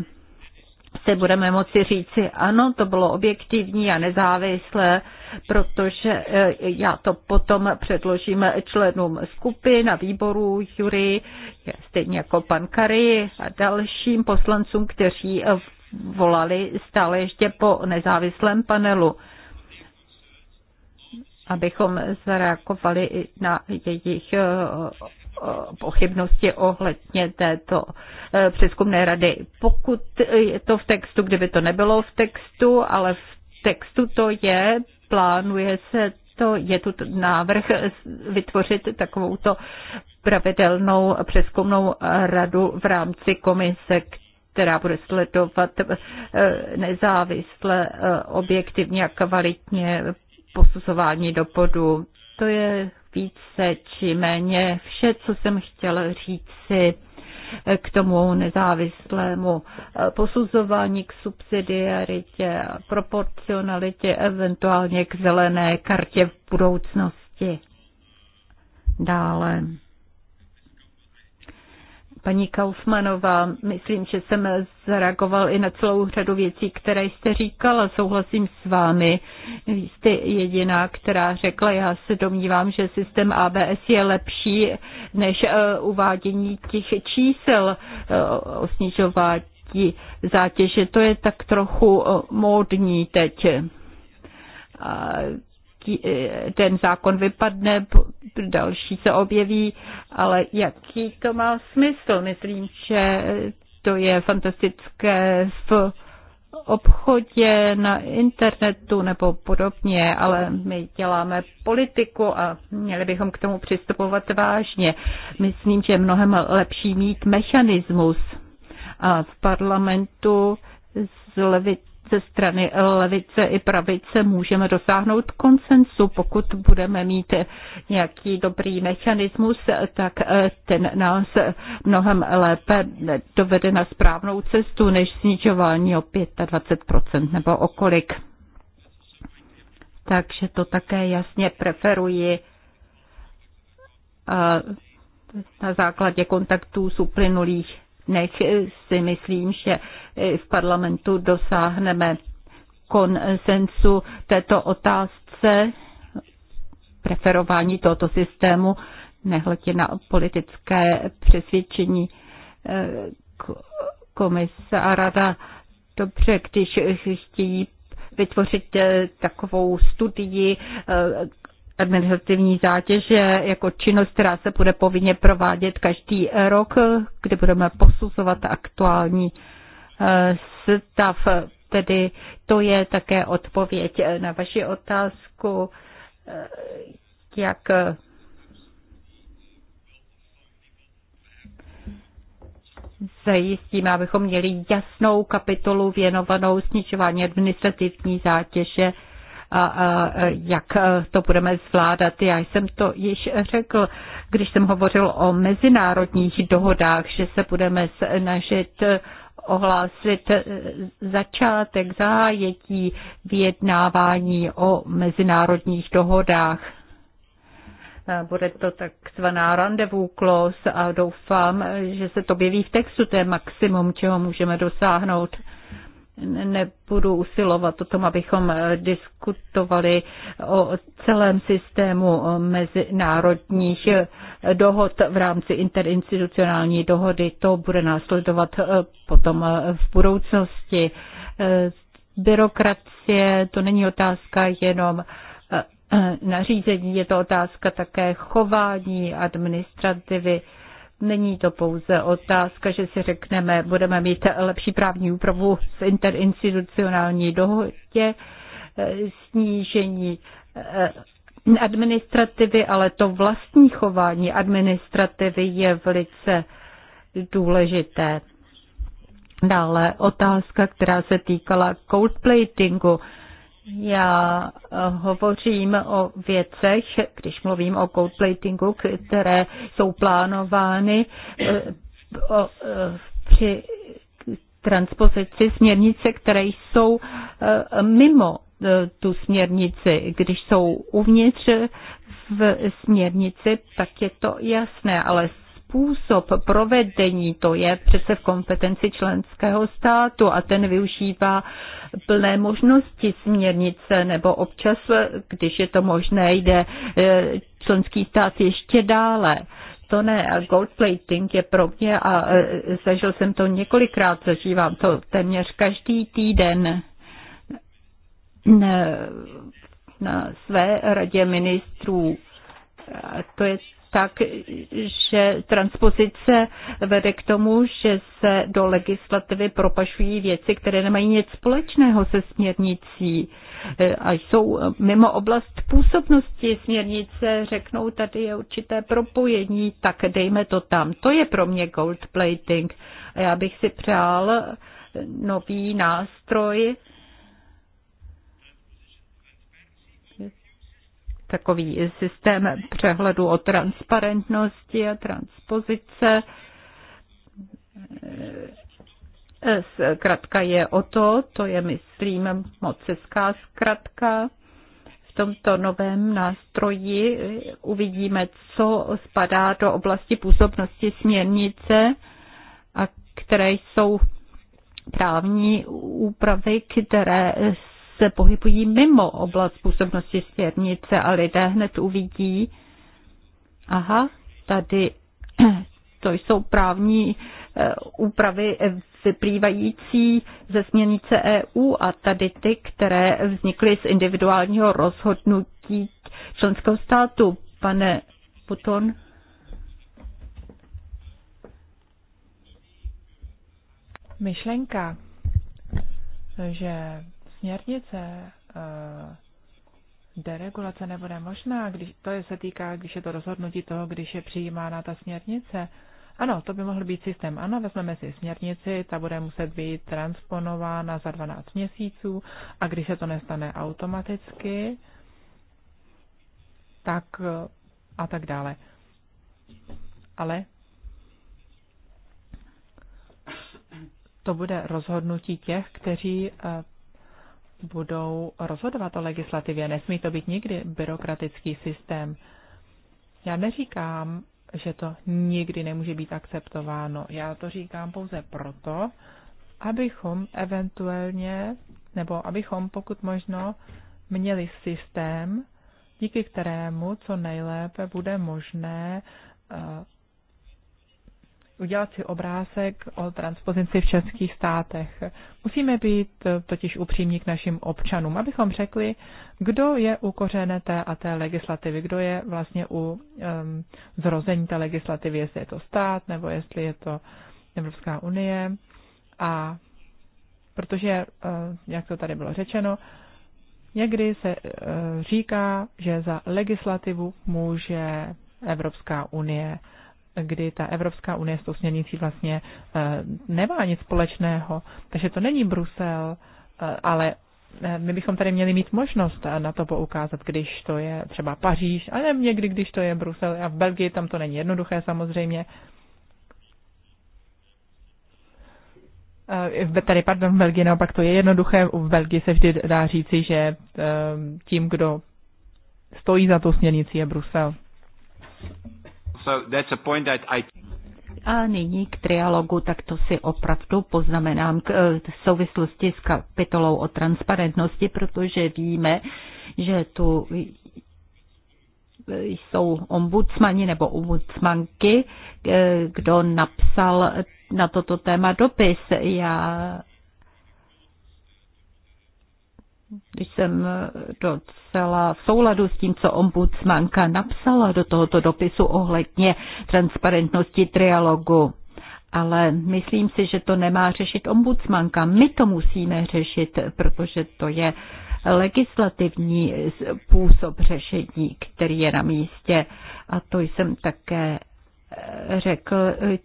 S2: si budeme moci říci, ano, to bylo objektivní a nezávislé, protože e, já to potom předložím členům skupin a výborů jury, stejně jako pan Kary a dalším poslancům, kteří volali stále ještě po nezávislém panelu abychom zareagovali na jejich e, pochybnosti ohledně této e, přeskumné rady. Pokud je to v textu, kdyby to nebylo v textu, ale v textu to je, plánuje se to, je tu návrh vytvořit takovouto pravidelnou přeskumnou radu v rámci komise, která bude sledovat e, nezávisle, e, objektivně a kvalitně posuzování dopadu. To je více či méně vše, co jsem chtěl říci k tomu nezávislému posuzování k subsidiaritě, proporcionalitě, eventuálně k zelené kartě v budoucnosti. Dále. Paní Kaufmanová, myslím, že jsem zareagoval i na celou řadu věcí, které jste říkala. Souhlasím s vámi. Vy jste jediná, která řekla, já se domnívám, že systém ABS je lepší než eh, uvádění těch čísel eh, o snižování zátěže. To je tak trochu eh, módní teď. A Eh, ten zákon vypadne, další se objeví, ale jaký to má smysl? Myslím, že to je fantastické v obchodě, na internetu nebo podobně, ale my děláme politiku a měli bychom k tomu přistupovat vážně. Myslím, že je mnohem lepší mít mechanismus. A v parlamentu z ze strany levice i pravice můžeme dosáhnout konsensu. Pokud budeme mít nějaký dobrý mechanismus, tak eh, ten nás mnohem lépe dovede na správnou cestu než snižování o 25% nebo okolik. Takže to také jasně preferuji eh, na základě kontaktů z uplynulých než si myslím, že v parlamentu dosáhneme konsensu této otázce preferování tohoto systému, nehledě na politické přesvědčení eh, komise a rada. Dobře, když chtějí vytvořit eh, takovou studii eh, administrativní zátěže jako činnost, která se bude povinně provádět každý rok, kdy budeme posuzovat aktuální eh, stav. Tedy to je také odpověď eh, na vaši otázku, eh, jak zajistíme, abychom měli jasnou kapitolu věnovanou snižování administrativní zátěže a e, jak e, to budeme zvládat. Já jsem to již řekl, když jsem hovořil o mezinárodních dohodách, že se budeme snažit ohlásit e, začátek zájetí vyjednávání o mezinárodních dohodách. Bude to takzvaná randevu close a doufám, že se to běví v textu, to je maximum, čeho můžeme dosáhnout nebudu usilovat o tom, abychom diskutovali o celém systému mezinárodních dohod v rámci interinstitucionální dohody. To bude následovat eh, potom eh, v budoucnosti. Eh, byrokracie to není otázka jenom nařízení, je to otázka také chování administrativy. Není to pouze otázka, že si řekneme, budeme mít lepší právní úpravu v interinstitucionální dohodě, snížení eh, administrativy, ale to vlastní chování administrativy je velice důležité. Dále otázka, která se týkala cold platingu. Já eh, hovořím o věcech, když mluvím o codeplatingu, které jsou plánovány eh, eh, při transpozici směrnice, které jsou mimo tu směrnici. Když jsou uvnitř v směrnici, tak je to jasné, ale způsob provedení, to je přece v kompetenci členského státu a ten využívá plné možnosti směrnice nebo občas, když je to možné, jde e, členský stát ještě dále. To ne, gold plating je pro mě a e, zažil jsem to několikrát, zažívám to téměř každý týden na své radě ministrů. To je tak, že transpozice vede k tomu, že se do legislativy propašují věci, které nemají nic společného se směrnicí e, a jsou e, mimo oblast působnosti směrnice, řeknou, tady je určité propojení, tak dejme to tam. To je pro mě gold plating. A já bych si přál nový nástroj, takový systém přehledu o transparentnosti a transpozice. Zkrátka je o to, to je, myslím, moc hezká zkrátka. V tomto novém nástroji uvidíme, co spadá do oblasti působnosti směrnice, a které jsou právní úpravy, které se pohybují mimo oblast působnosti směrnice a lidé hned uvidí, aha, tady to jsou právní eh, úpravy eh, vyplývající ze směrnice EU a tady ty, které vznikly z individuálního rozhodnutí členského státu. Pane Buton.
S1: Myšlenka, že směrnice eh, deregulace nebude možná, když to je, se týká, když je to rozhodnutí toho, když je přijímána ta směrnice. Ano, to by mohl být systém. Ano, vezmeme si směrnici, ta bude muset být transponována za 12 měsíců a když se to nestane automaticky, tak eh, a tak dále. Ale to bude rozhodnutí těch, kteří eh, budou rozhodovat o legislativě. Nesmí to být nikdy byrokratický systém. Já neříkám, že to nikdy nemůže být akceptováno. Já to říkám pouze proto, abychom eventuálně, nebo abychom pokud možno měli systém, díky kterému co nejlépe bude možné eh, udělat si obrázek o transpozici v českých státech. Musíme být eh, totiž upřímní k našim občanům, abychom řekli, kdo je u kořene té a té legislativy, kdo je vlastně u um, zrození té legislativy, jestli je to stát nebo jestli je to Evropská unie. A protože, eh, jak to tady bylo řečeno, někdy se eh, říká, že za legislativu může Evropská unie kdy ta Evropská unie s tou směrnicí vlastně eh, nemá nic společného. Takže to není Brusel, eh, ale eh, my bychom tady měli mít možnost na to poukázat, když to je třeba Paříž, ale někdy, když to je Brusel a v Belgii tam to není jednoduché samozřejmě. Tady, pardon, v Belgii naopak to je jednoduché. V Belgii se vždy dá říci, že tím, kdo stojí za tou směrnicí, je Brusel a A
S2: nyní k trialogu, tak to si opravdu poznamenám k, eh, v souvislosti s kapitolou o transparentnosti, protože víme, že tu jsou ombudsmani nebo ombudsmanky, eh, kdo napsal na toto téma dopis. Já jsem eh, docela v souladu s tím, co ombudsmanka napsala do tohoto dopisu ohledně transparentnosti trialogu. Ale myslím si, že to nemá řešit ombudsmanka. My to musíme řešit, protože to je legislativní způsob řešení, který je na místě. A to jsem také řekl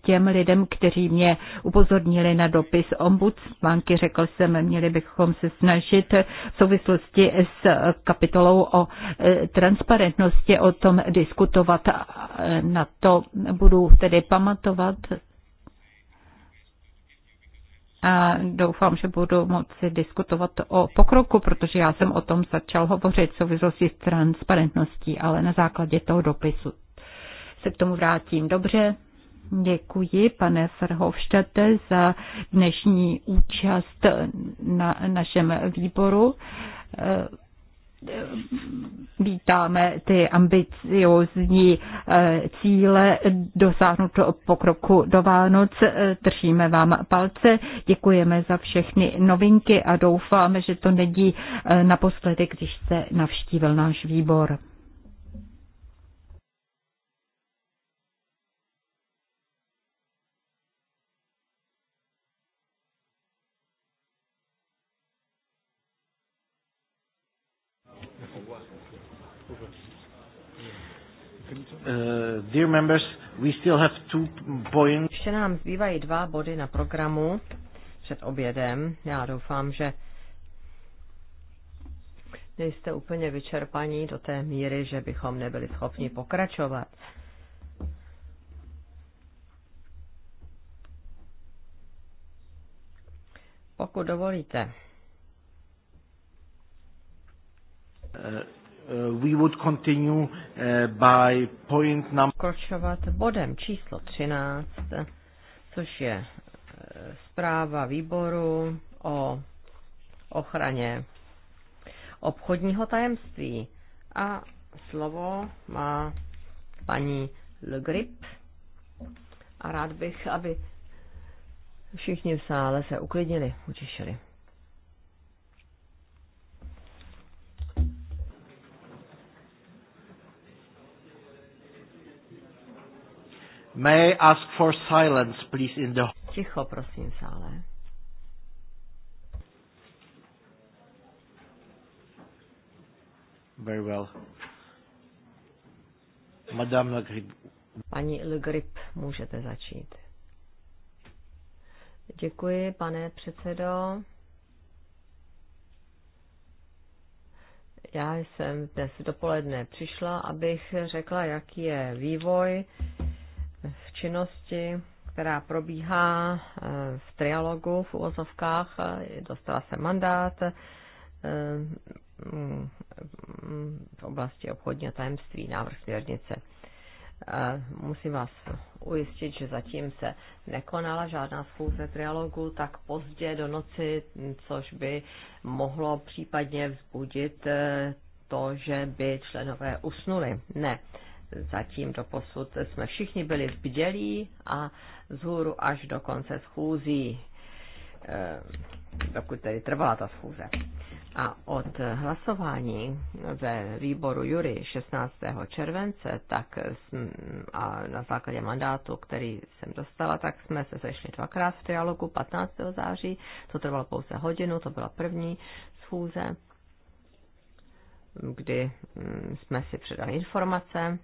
S2: těm lidem, kteří mě upozornili na dopis ombudsmanky, řekl jsem, měli bychom se snažit v souvislosti s kapitolou o e, transparentnosti o tom diskutovat. Na to budu tedy pamatovat a doufám, že budu moci diskutovat o pokroku, protože já jsem o tom začal hovořit v souvislosti s transparentností, ale na základě toho dopisu se k tomu vrátím. Dobře, děkuji pane Ferhovštate za dnešní účast na našem výboru. Vítáme ty ambiciozní eh, cíle dosáhnout pokroku do Vánoc. Držíme vám palce, děkujeme za všechny novinky a doufáme, že to nedí. Eh, naposledy, když jste navštívil náš výbor.
S1: Eh, dear members, we still have two points.
S3: Ještě nám zbývají dva body na programu před obědem. Já doufám, že nejste úplně vyčerpaní do té míry, že bychom nebyli schopni pokračovat. Pokud dovolíte. Uh Eh, we would continue eh, by point number... Pokračovat bodem číslo 13, což je eh, zpráva výboru o ochraně obchodního tajemství. A slovo má paní Le Grip. A rád bych, aby všichni v sále se uklidnili, utišili.
S2: May I ask for silence,
S3: please, in the... Ticho, prosím, sále.
S2: Very well. Madame Le Grip.
S3: Paní Le Grip, můžete začít. Děkuji, pane předsedo. Já jsem dnes dopoledne přišla, abych řekla, jaký je vývoj v činnosti, která probíhá eh, v trialogu v uvozovkách. Eh, dostala se mandát eh, mm, v oblasti obchodního tajemství, návrh směrnice. Musím vás ujistit, že zatím se nekonala žádná schůze trialogu tak pozdě do noci, což by mohlo případně vzbudit to, že by členové usnuli. Ne, zatím do posud jsme všichni byli zbdělí a zhůru až do konce schůzí, eh, dokud tedy trvala ta schůze. A od hlasování ve výboru Jury 16. července, tak a na základě mandátu, který jsem dostala, tak jsme se sešli dvakrát v trialogu 15. září. To trvalo pouze hodinu, to byla první schůze, kdy hm, jsme si předali informace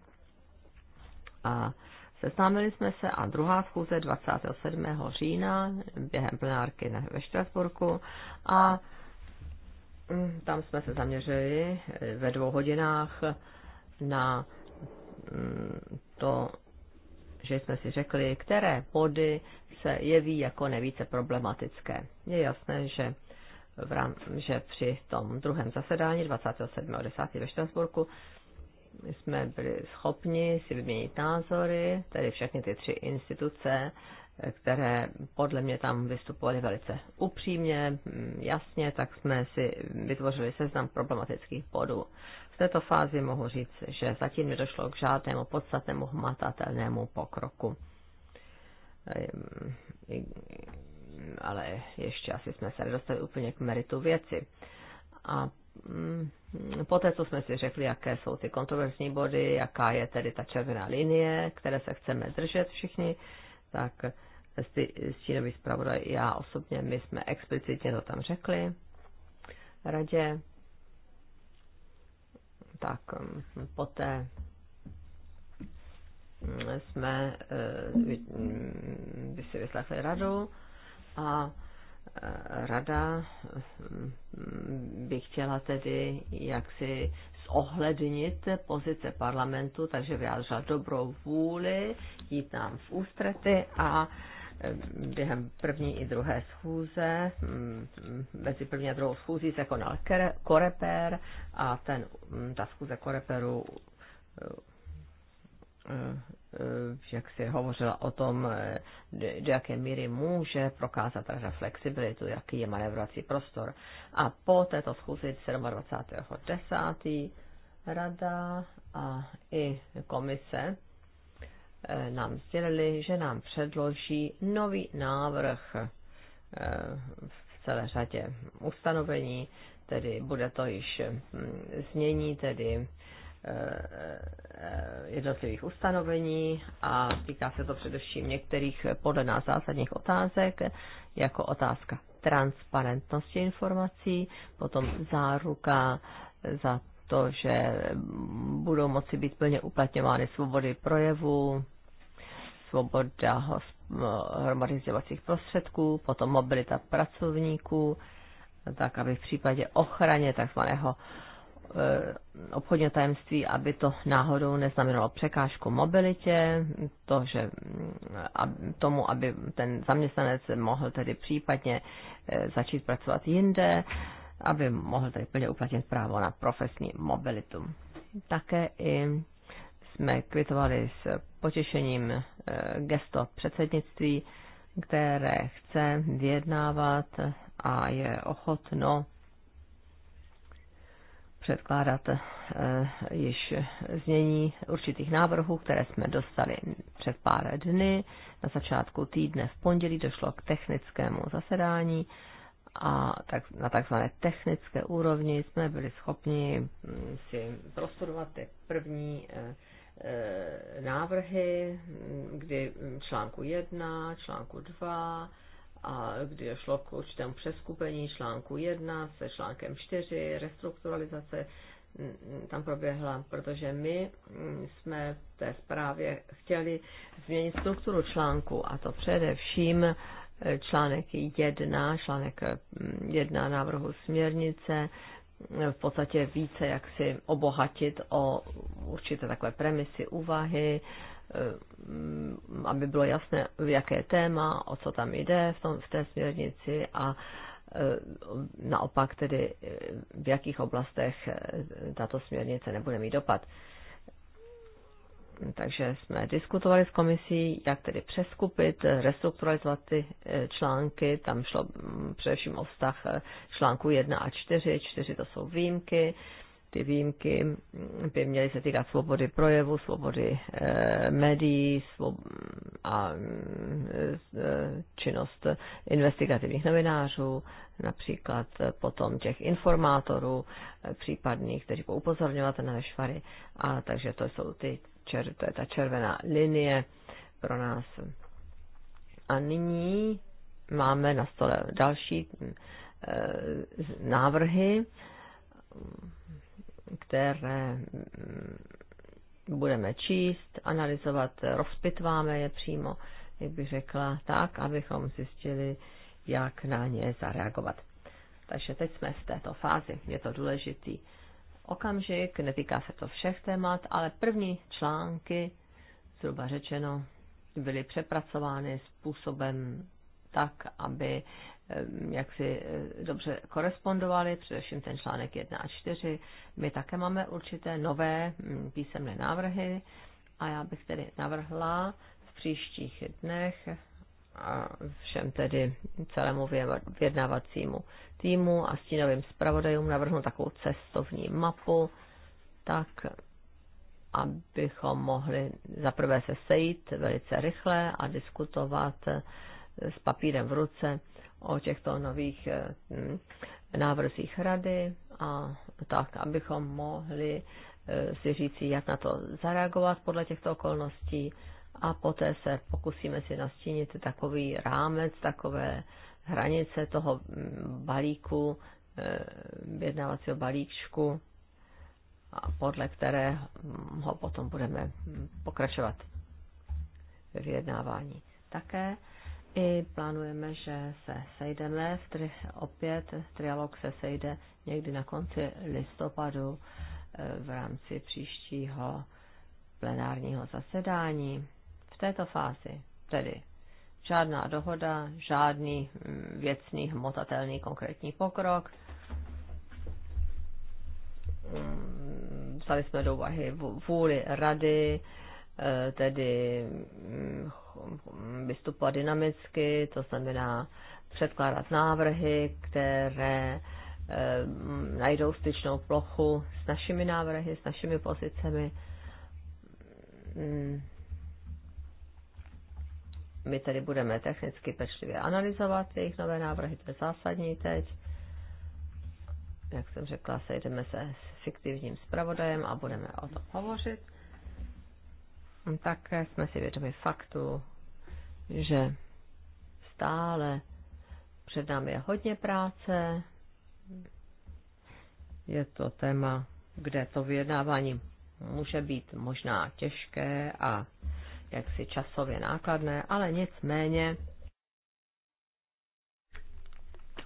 S3: a seznámili jsme se a druhá schůze 27. října během plenárky ve Štrasburku a mm, tam jsme se zaměřili eh, ve dvou hodinách na mm, to, že jsme si řekli, které body se jeví jako nejvíce problematické. Je jasné, že, v rám, že při tom druhém zasedání 27.10. ve Štrasburku my jsme byli schopni si vyměnit názory, tedy všechny ty tři instituce, které podle mě tam vystupovaly velice upřímně, mm, jasně, tak jsme si vytvořili seznam problematických bodů. V této fázi mohu říct, že zatím nedošlo k žádnému podstatnému hmatatelnému pokroku. Ehm, ale ještě asi jsme se nedostali úplně k meritu věci. A Mm, po té, co jsme si řekli, jaké jsou ty kontroverzní body, jaká je tedy ta červená linie, které se chceme držet všichni, tak s stínový zpravodaj i já osobně, my jsme explicitně to tam řekli radě. Tak mm, poté mm, jsme eh, si vyslechli radu a rada mm, by chtěla tedy jaksi zohlednit pozice parlamentu, takže vyjádřila dobrou vůli jít nám v ústrety a mm, během první i druhé schůze, mm, mezi první a druhou schůzí se konal koreper a ten, ta schůze koreperu Eh, jak jsi hovořila o tom, eh, do jaké míry může prokázat takže flexibilitu, jaký je manévrovací prostor. A po této schůzi 27.10. rada a i komise eh, nám sdělili, že nám předloží nový návrh v celé řadě ustanovení, tedy bude to již hm, znění, tedy Eh, eh, jednotlivých ustanovení a týká se to především některých podle nás zásadních otázek, jako otázka transparentnosti informací, potom záruka za to, že budou moci být plně uplatňovány svobody projevu, svoboda hromadizovacích prostředků, potom mobilita pracovníků, tak aby v případě ochraně takzvaného Eh, obchodního tajemství, aby to náhodou neznamenalo překážku mobilitě, to, že mm, tomu, aby ten zaměstnanec mohl tedy případně eh, začít pracovat jinde, aby mohl tedy plně uplatnit právo na profesní mobilitu. Také i jsme kvitovali s potěšením eh, gesto předsednictví, které chce vyjednávat a je ochotno předkládat eh, již znění určitých návrhů, které jsme dostali před pár dny. Na začátku týdne v pondělí došlo k technickému zasedání a tak, na takzvané technické úrovni jsme byli schopni mm, si prostudovat ty první eh, eh, návrhy, mm, kdy mm, článku 1, článku 2, kdy došlo k určitému přeskupení článku 1 se článkem 4, restrukturalizace mm, tam proběhla, protože my mm, jsme v té zprávě chtěli změnit strukturu článku a to především e, článek 1, článek 1 mm, návrhu směrnice, e, v podstatě více jak si obohatit o určité takové premisy, úvahy, Eh, aby bylo jasné, v jaké téma, o co tam jde v, tom, v té směrnici a eh, naopak tedy eh, v jakých oblastech tato směrnice nebude mít dopad. Takže jsme diskutovali s komisí, jak tedy přeskupit, restrukturalizovat ty články. Tam šlo mm, především o vztah článku 1 a 4. 4 to jsou výjimky ty výjimky by měly se týkat svobody projevu, svobody e, médií svob- a e, činnost investigativních novinářů, například potom těch informátorů e, případných, kteří budou upozorňovat na nešvary. A takže to jsou ty čer- to je ta červená linie pro nás. A nyní máme na stole další e, návrhy které mm, budeme číst, analyzovat, rozpitváme je přímo, jak bych řekla, tak, abychom zjistili, jak na ně zareagovat. Takže teď jsme v této fázi, je to důležitý okamžik, netýká se to všech témat, ale první články, zhruba řečeno, byly přepracovány způsobem tak, aby Eh, jak si eh, dobře korespondovali, především ten článek 1 a 4. My také máme určité nové mm, písemné návrhy a já bych tedy navrhla v příštích dnech a všem tedy celému vyjednávacímu týmu a stínovým zpravodajům navrhnu takovou cestovní mapu, tak abychom mohli zaprvé se sejít velice rychle a diskutovat s papírem v ruce o těchto nových eh, hm, návrzích rady a tak, abychom mohli eh, si říci, jak na to zareagovat podle těchto okolností a poté se pokusíme si nastínit takový rámec, takové hranice toho hm, balíku, eh, vyjednávacího balíčku, a podle kterého potom budeme hm, pokračovat ve vyjednávání. Také i plánujeme, že se sejdeme, v tri, opět trialog se sejde někdy na konci listopadu eh, v rámci příštího plenárního zasedání. V této fázi tedy žádná dohoda, žádný mm, věcný, hmotatelný konkrétní pokrok. Mm, vzali jsme do úvahy vůli rady, Eh, tedy mm, vystupovat dynamicky, to znamená předkládat návrhy, které eh, najdou styčnou plochu s našimi návrhy, s našimi pozicemi. Mm. My tedy budeme technicky pečlivě analyzovat jejich nové návrhy, to je zásadní teď. Jak jsem řekla, sejdeme se s fiktivním zpravodajem a budeme o tom hovořit. Hm, také jsme si vědomi faktu, že stále před námi je hodně práce, je to téma, kde to vyjednávání může být možná těžké a jaksi časově nákladné, ale nicméně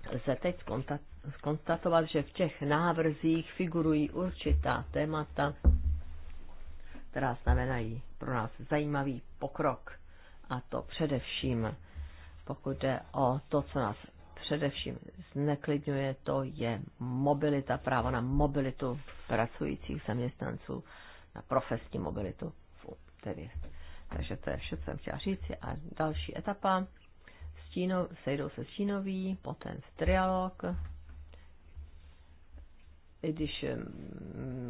S3: lze teď konstatovat, že v těch návrzích figurují určitá témata, která znamenají pro nás zajímavý pokrok. A to především, pokud jde o to, co nás především zneklidňuje, to je mobilita, právo na mobilitu pracujících zaměstnanců, na profesní mobilitu. Tedy. Takže to je vše, co jsem chtěla říct. A další etapa, Stíno, sejdou se stínoví, potom v trialog, i když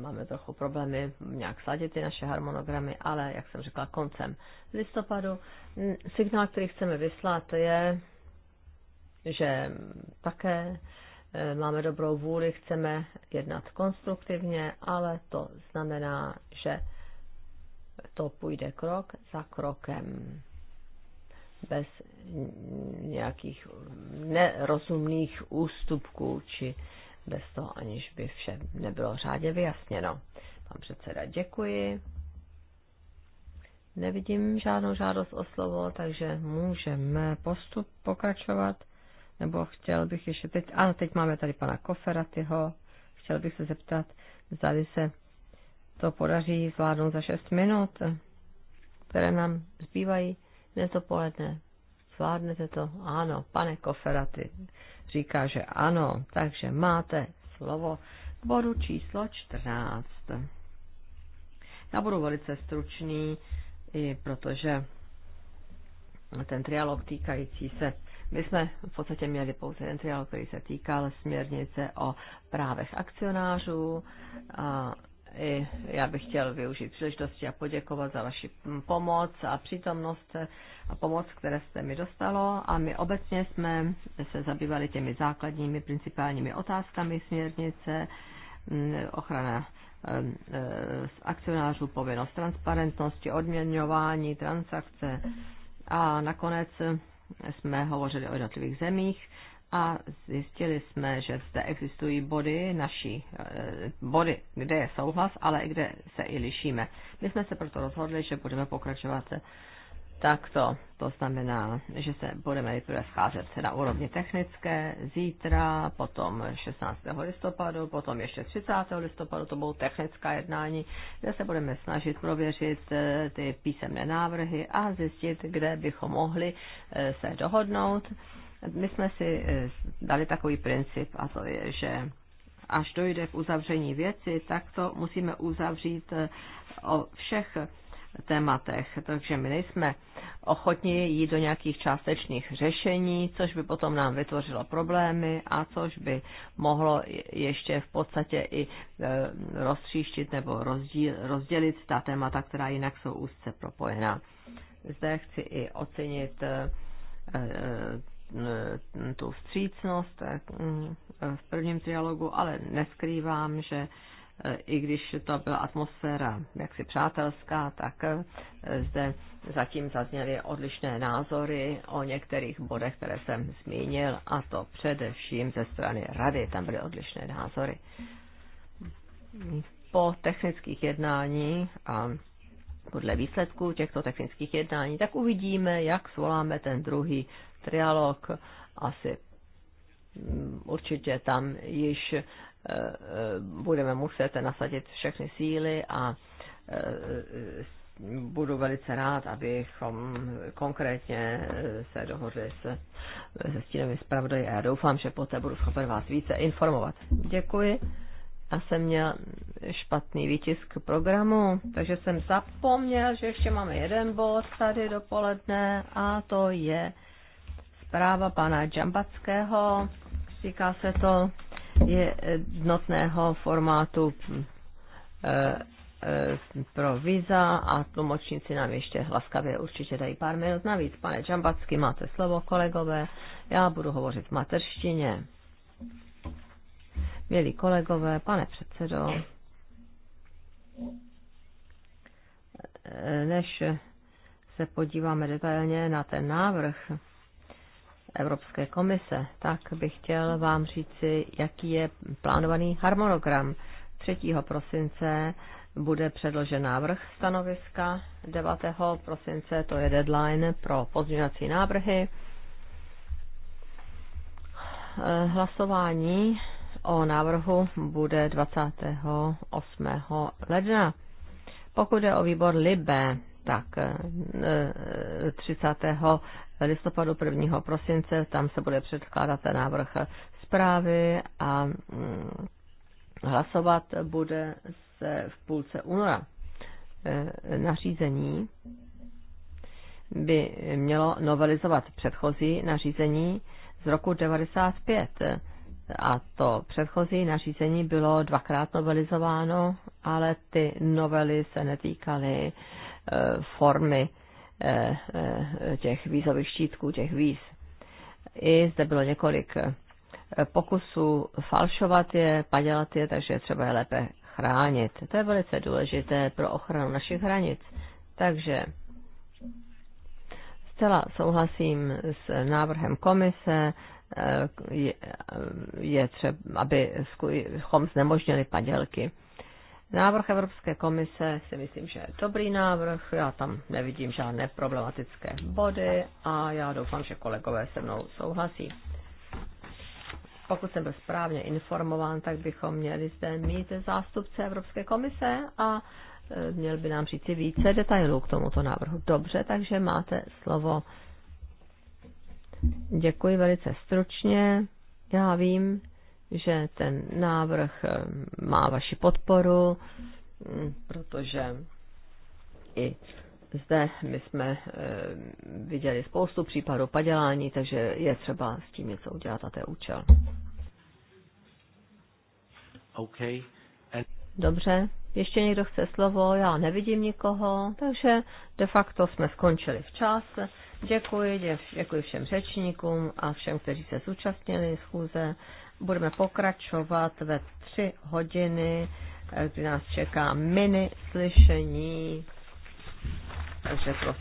S3: máme trochu problémy nějak sladit ty naše harmonogramy, ale jak jsem řekla, koncem listopadu. Signál, který chceme vyslat, je, že také e, máme dobrou vůli, chceme jednat konstruktivně, ale to znamená, že to půjde krok za krokem bez nějakých nerozumných ústupků či bez toho, aniž by vše nebylo řádě vyjasněno. Pan předseda, děkuji. Nevidím žádnou žádost o slovo, takže můžeme postup pokračovat. Nebo chtěl bych ještě teď, ano, teď máme tady pana Koferatyho, chtěl bych se zeptat, zda se to podaří zvládnout za 6 minut, které nám zbývají dnes dopoledne. Zvládnete to? Ano, pane Koferaty, říká, že ano, takže máte slovo k bodu číslo 14. Já budu velice stručný, i protože ten trialog týkající se my jsme v podstatě měli pouze jeden trialog, který se týkal směrnice o právech akcionářů a já bych chtěl využít příležitosti a poděkovat za vaši pomoc a přítomnost a pomoc, které jste mi dostalo. A my obecně jsme se zabývali těmi základními principálními otázkami směrnice, mm, ochrana mm, e, z akcionářů, povinnost transparentnosti, odměňování, transakce. A nakonec jsme hovořili o jednotlivých zemích a zjistili jsme, že zde existují body naší, eh, body, kde je souhlas, ale i kde se i lišíme. My jsme se proto rozhodli, že budeme pokračovat takto. To znamená, že se budeme nejprve scházet na úrovni technické zítra, potom 16. listopadu, potom ještě 30. listopadu, to budou technická jednání, kde se budeme snažit prověřit eh, ty písemné návrhy a zjistit, kde bychom mohli eh, se dohodnout my jsme si eh, dali takový princip a to je, že až dojde k uzavření věci, tak to musíme uzavřít eh, o všech tématech, takže my nejsme ochotni jít do nějakých částečných řešení, což by potom nám vytvořilo problémy a což by mohlo ještě v podstatě i eh, rozstříštit nebo rozdíl, rozdělit ta témata, která jinak jsou úzce propojená. Zde chci i ocenit Eh, tu vstřícnost mm, eh, v prvním trialogu, ale neskrývám, že eh, i když to byla atmosféra jaksi přátelská, tak zde zatím zazněly odlišné názory o některých bodech, které jsem zmínil, a to především ze strany rady, tam byly odlišné názory. Po technických jednání a podle výsledků těchto technických jednání, tak uvidíme, jak svoláme ten druhý trialog. Asi mm, určitě tam již eh, eh, budeme muset nasadit všechny síly a eh, budu velice rád, abychom konkrétně se dohodli se, se stínovým zpravodajem a já doufám, že poté budu schopen vás více informovat. Děkuji. A jsem měl špatný výtisk programu, takže jsem zapomněl, že ještě máme jeden bod tady dopoledne a to je zpráva pana Džambackého. Říká se to je jednotného formátu e, e, pro víza a tlumočníci nám ještě hlaskavě určitě dají pár minut navíc. Pane Džambacky, máte slovo, kolegové. Já budu hovořit v materštině. Milí kolegové, pane předsedo, než se podíváme detailně na ten návrh Evropské komise, tak bych chtěl vám říci, jaký je plánovaný harmonogram. 3. prosince bude předložen návrh stanoviska, 9. prosince to je deadline pro pozměňovací návrhy. Hlasování o návrhu bude 28. ledna. Pokud je o výbor Libe, tak 30. E, e, listopadu 1. prosince, tam se bude předkládat ten návrh zprávy a mm, hlasovat bude se v půlce února. E, nařízení by mělo novelizovat předchozí nařízení z roku 95 a to předchozí nařízení bylo dvakrát novelizováno, ale ty novely se netýkaly e, formy e, e, těch vízových štítků, těch víz. I zde bylo několik pokusů falšovat je, padělat je, takže je třeba je lépe chránit. To je velice důležité pro ochranu našich hranic. Takže zcela souhlasím s návrhem komise, Eh, eh, je třeba, aby schom znemožnili padělky. Návrh Evropské komise si myslím, že je dobrý návrh, já tam nevidím žádné problematické body a já doufám, že kolegové se mnou souhlasí. Pokud jsem byl správně informován, tak bychom měli zde mít zástupce Evropské komise a eh, měl by nám říci více detailů k tomuto návrhu. Dobře, takže máte slovo. Děkuji velice stručně. Já vím, že ten návrh eh, má vaši podporu, mm, protože i zde my jsme eh, viděli spoustu případů padělání, takže je třeba s tím něco udělat a to je účel.
S2: Okay. And...
S3: Dobře, ještě někdo chce slovo, já nevidím nikoho, takže de facto jsme skončili včas. Děkuji, děkuji všem řečníkům a všem, kteří se zúčastnili schůze. Budeme pokračovat ve tři hodiny, eh, kdy nás čeká mini slyšení. Takže prosím.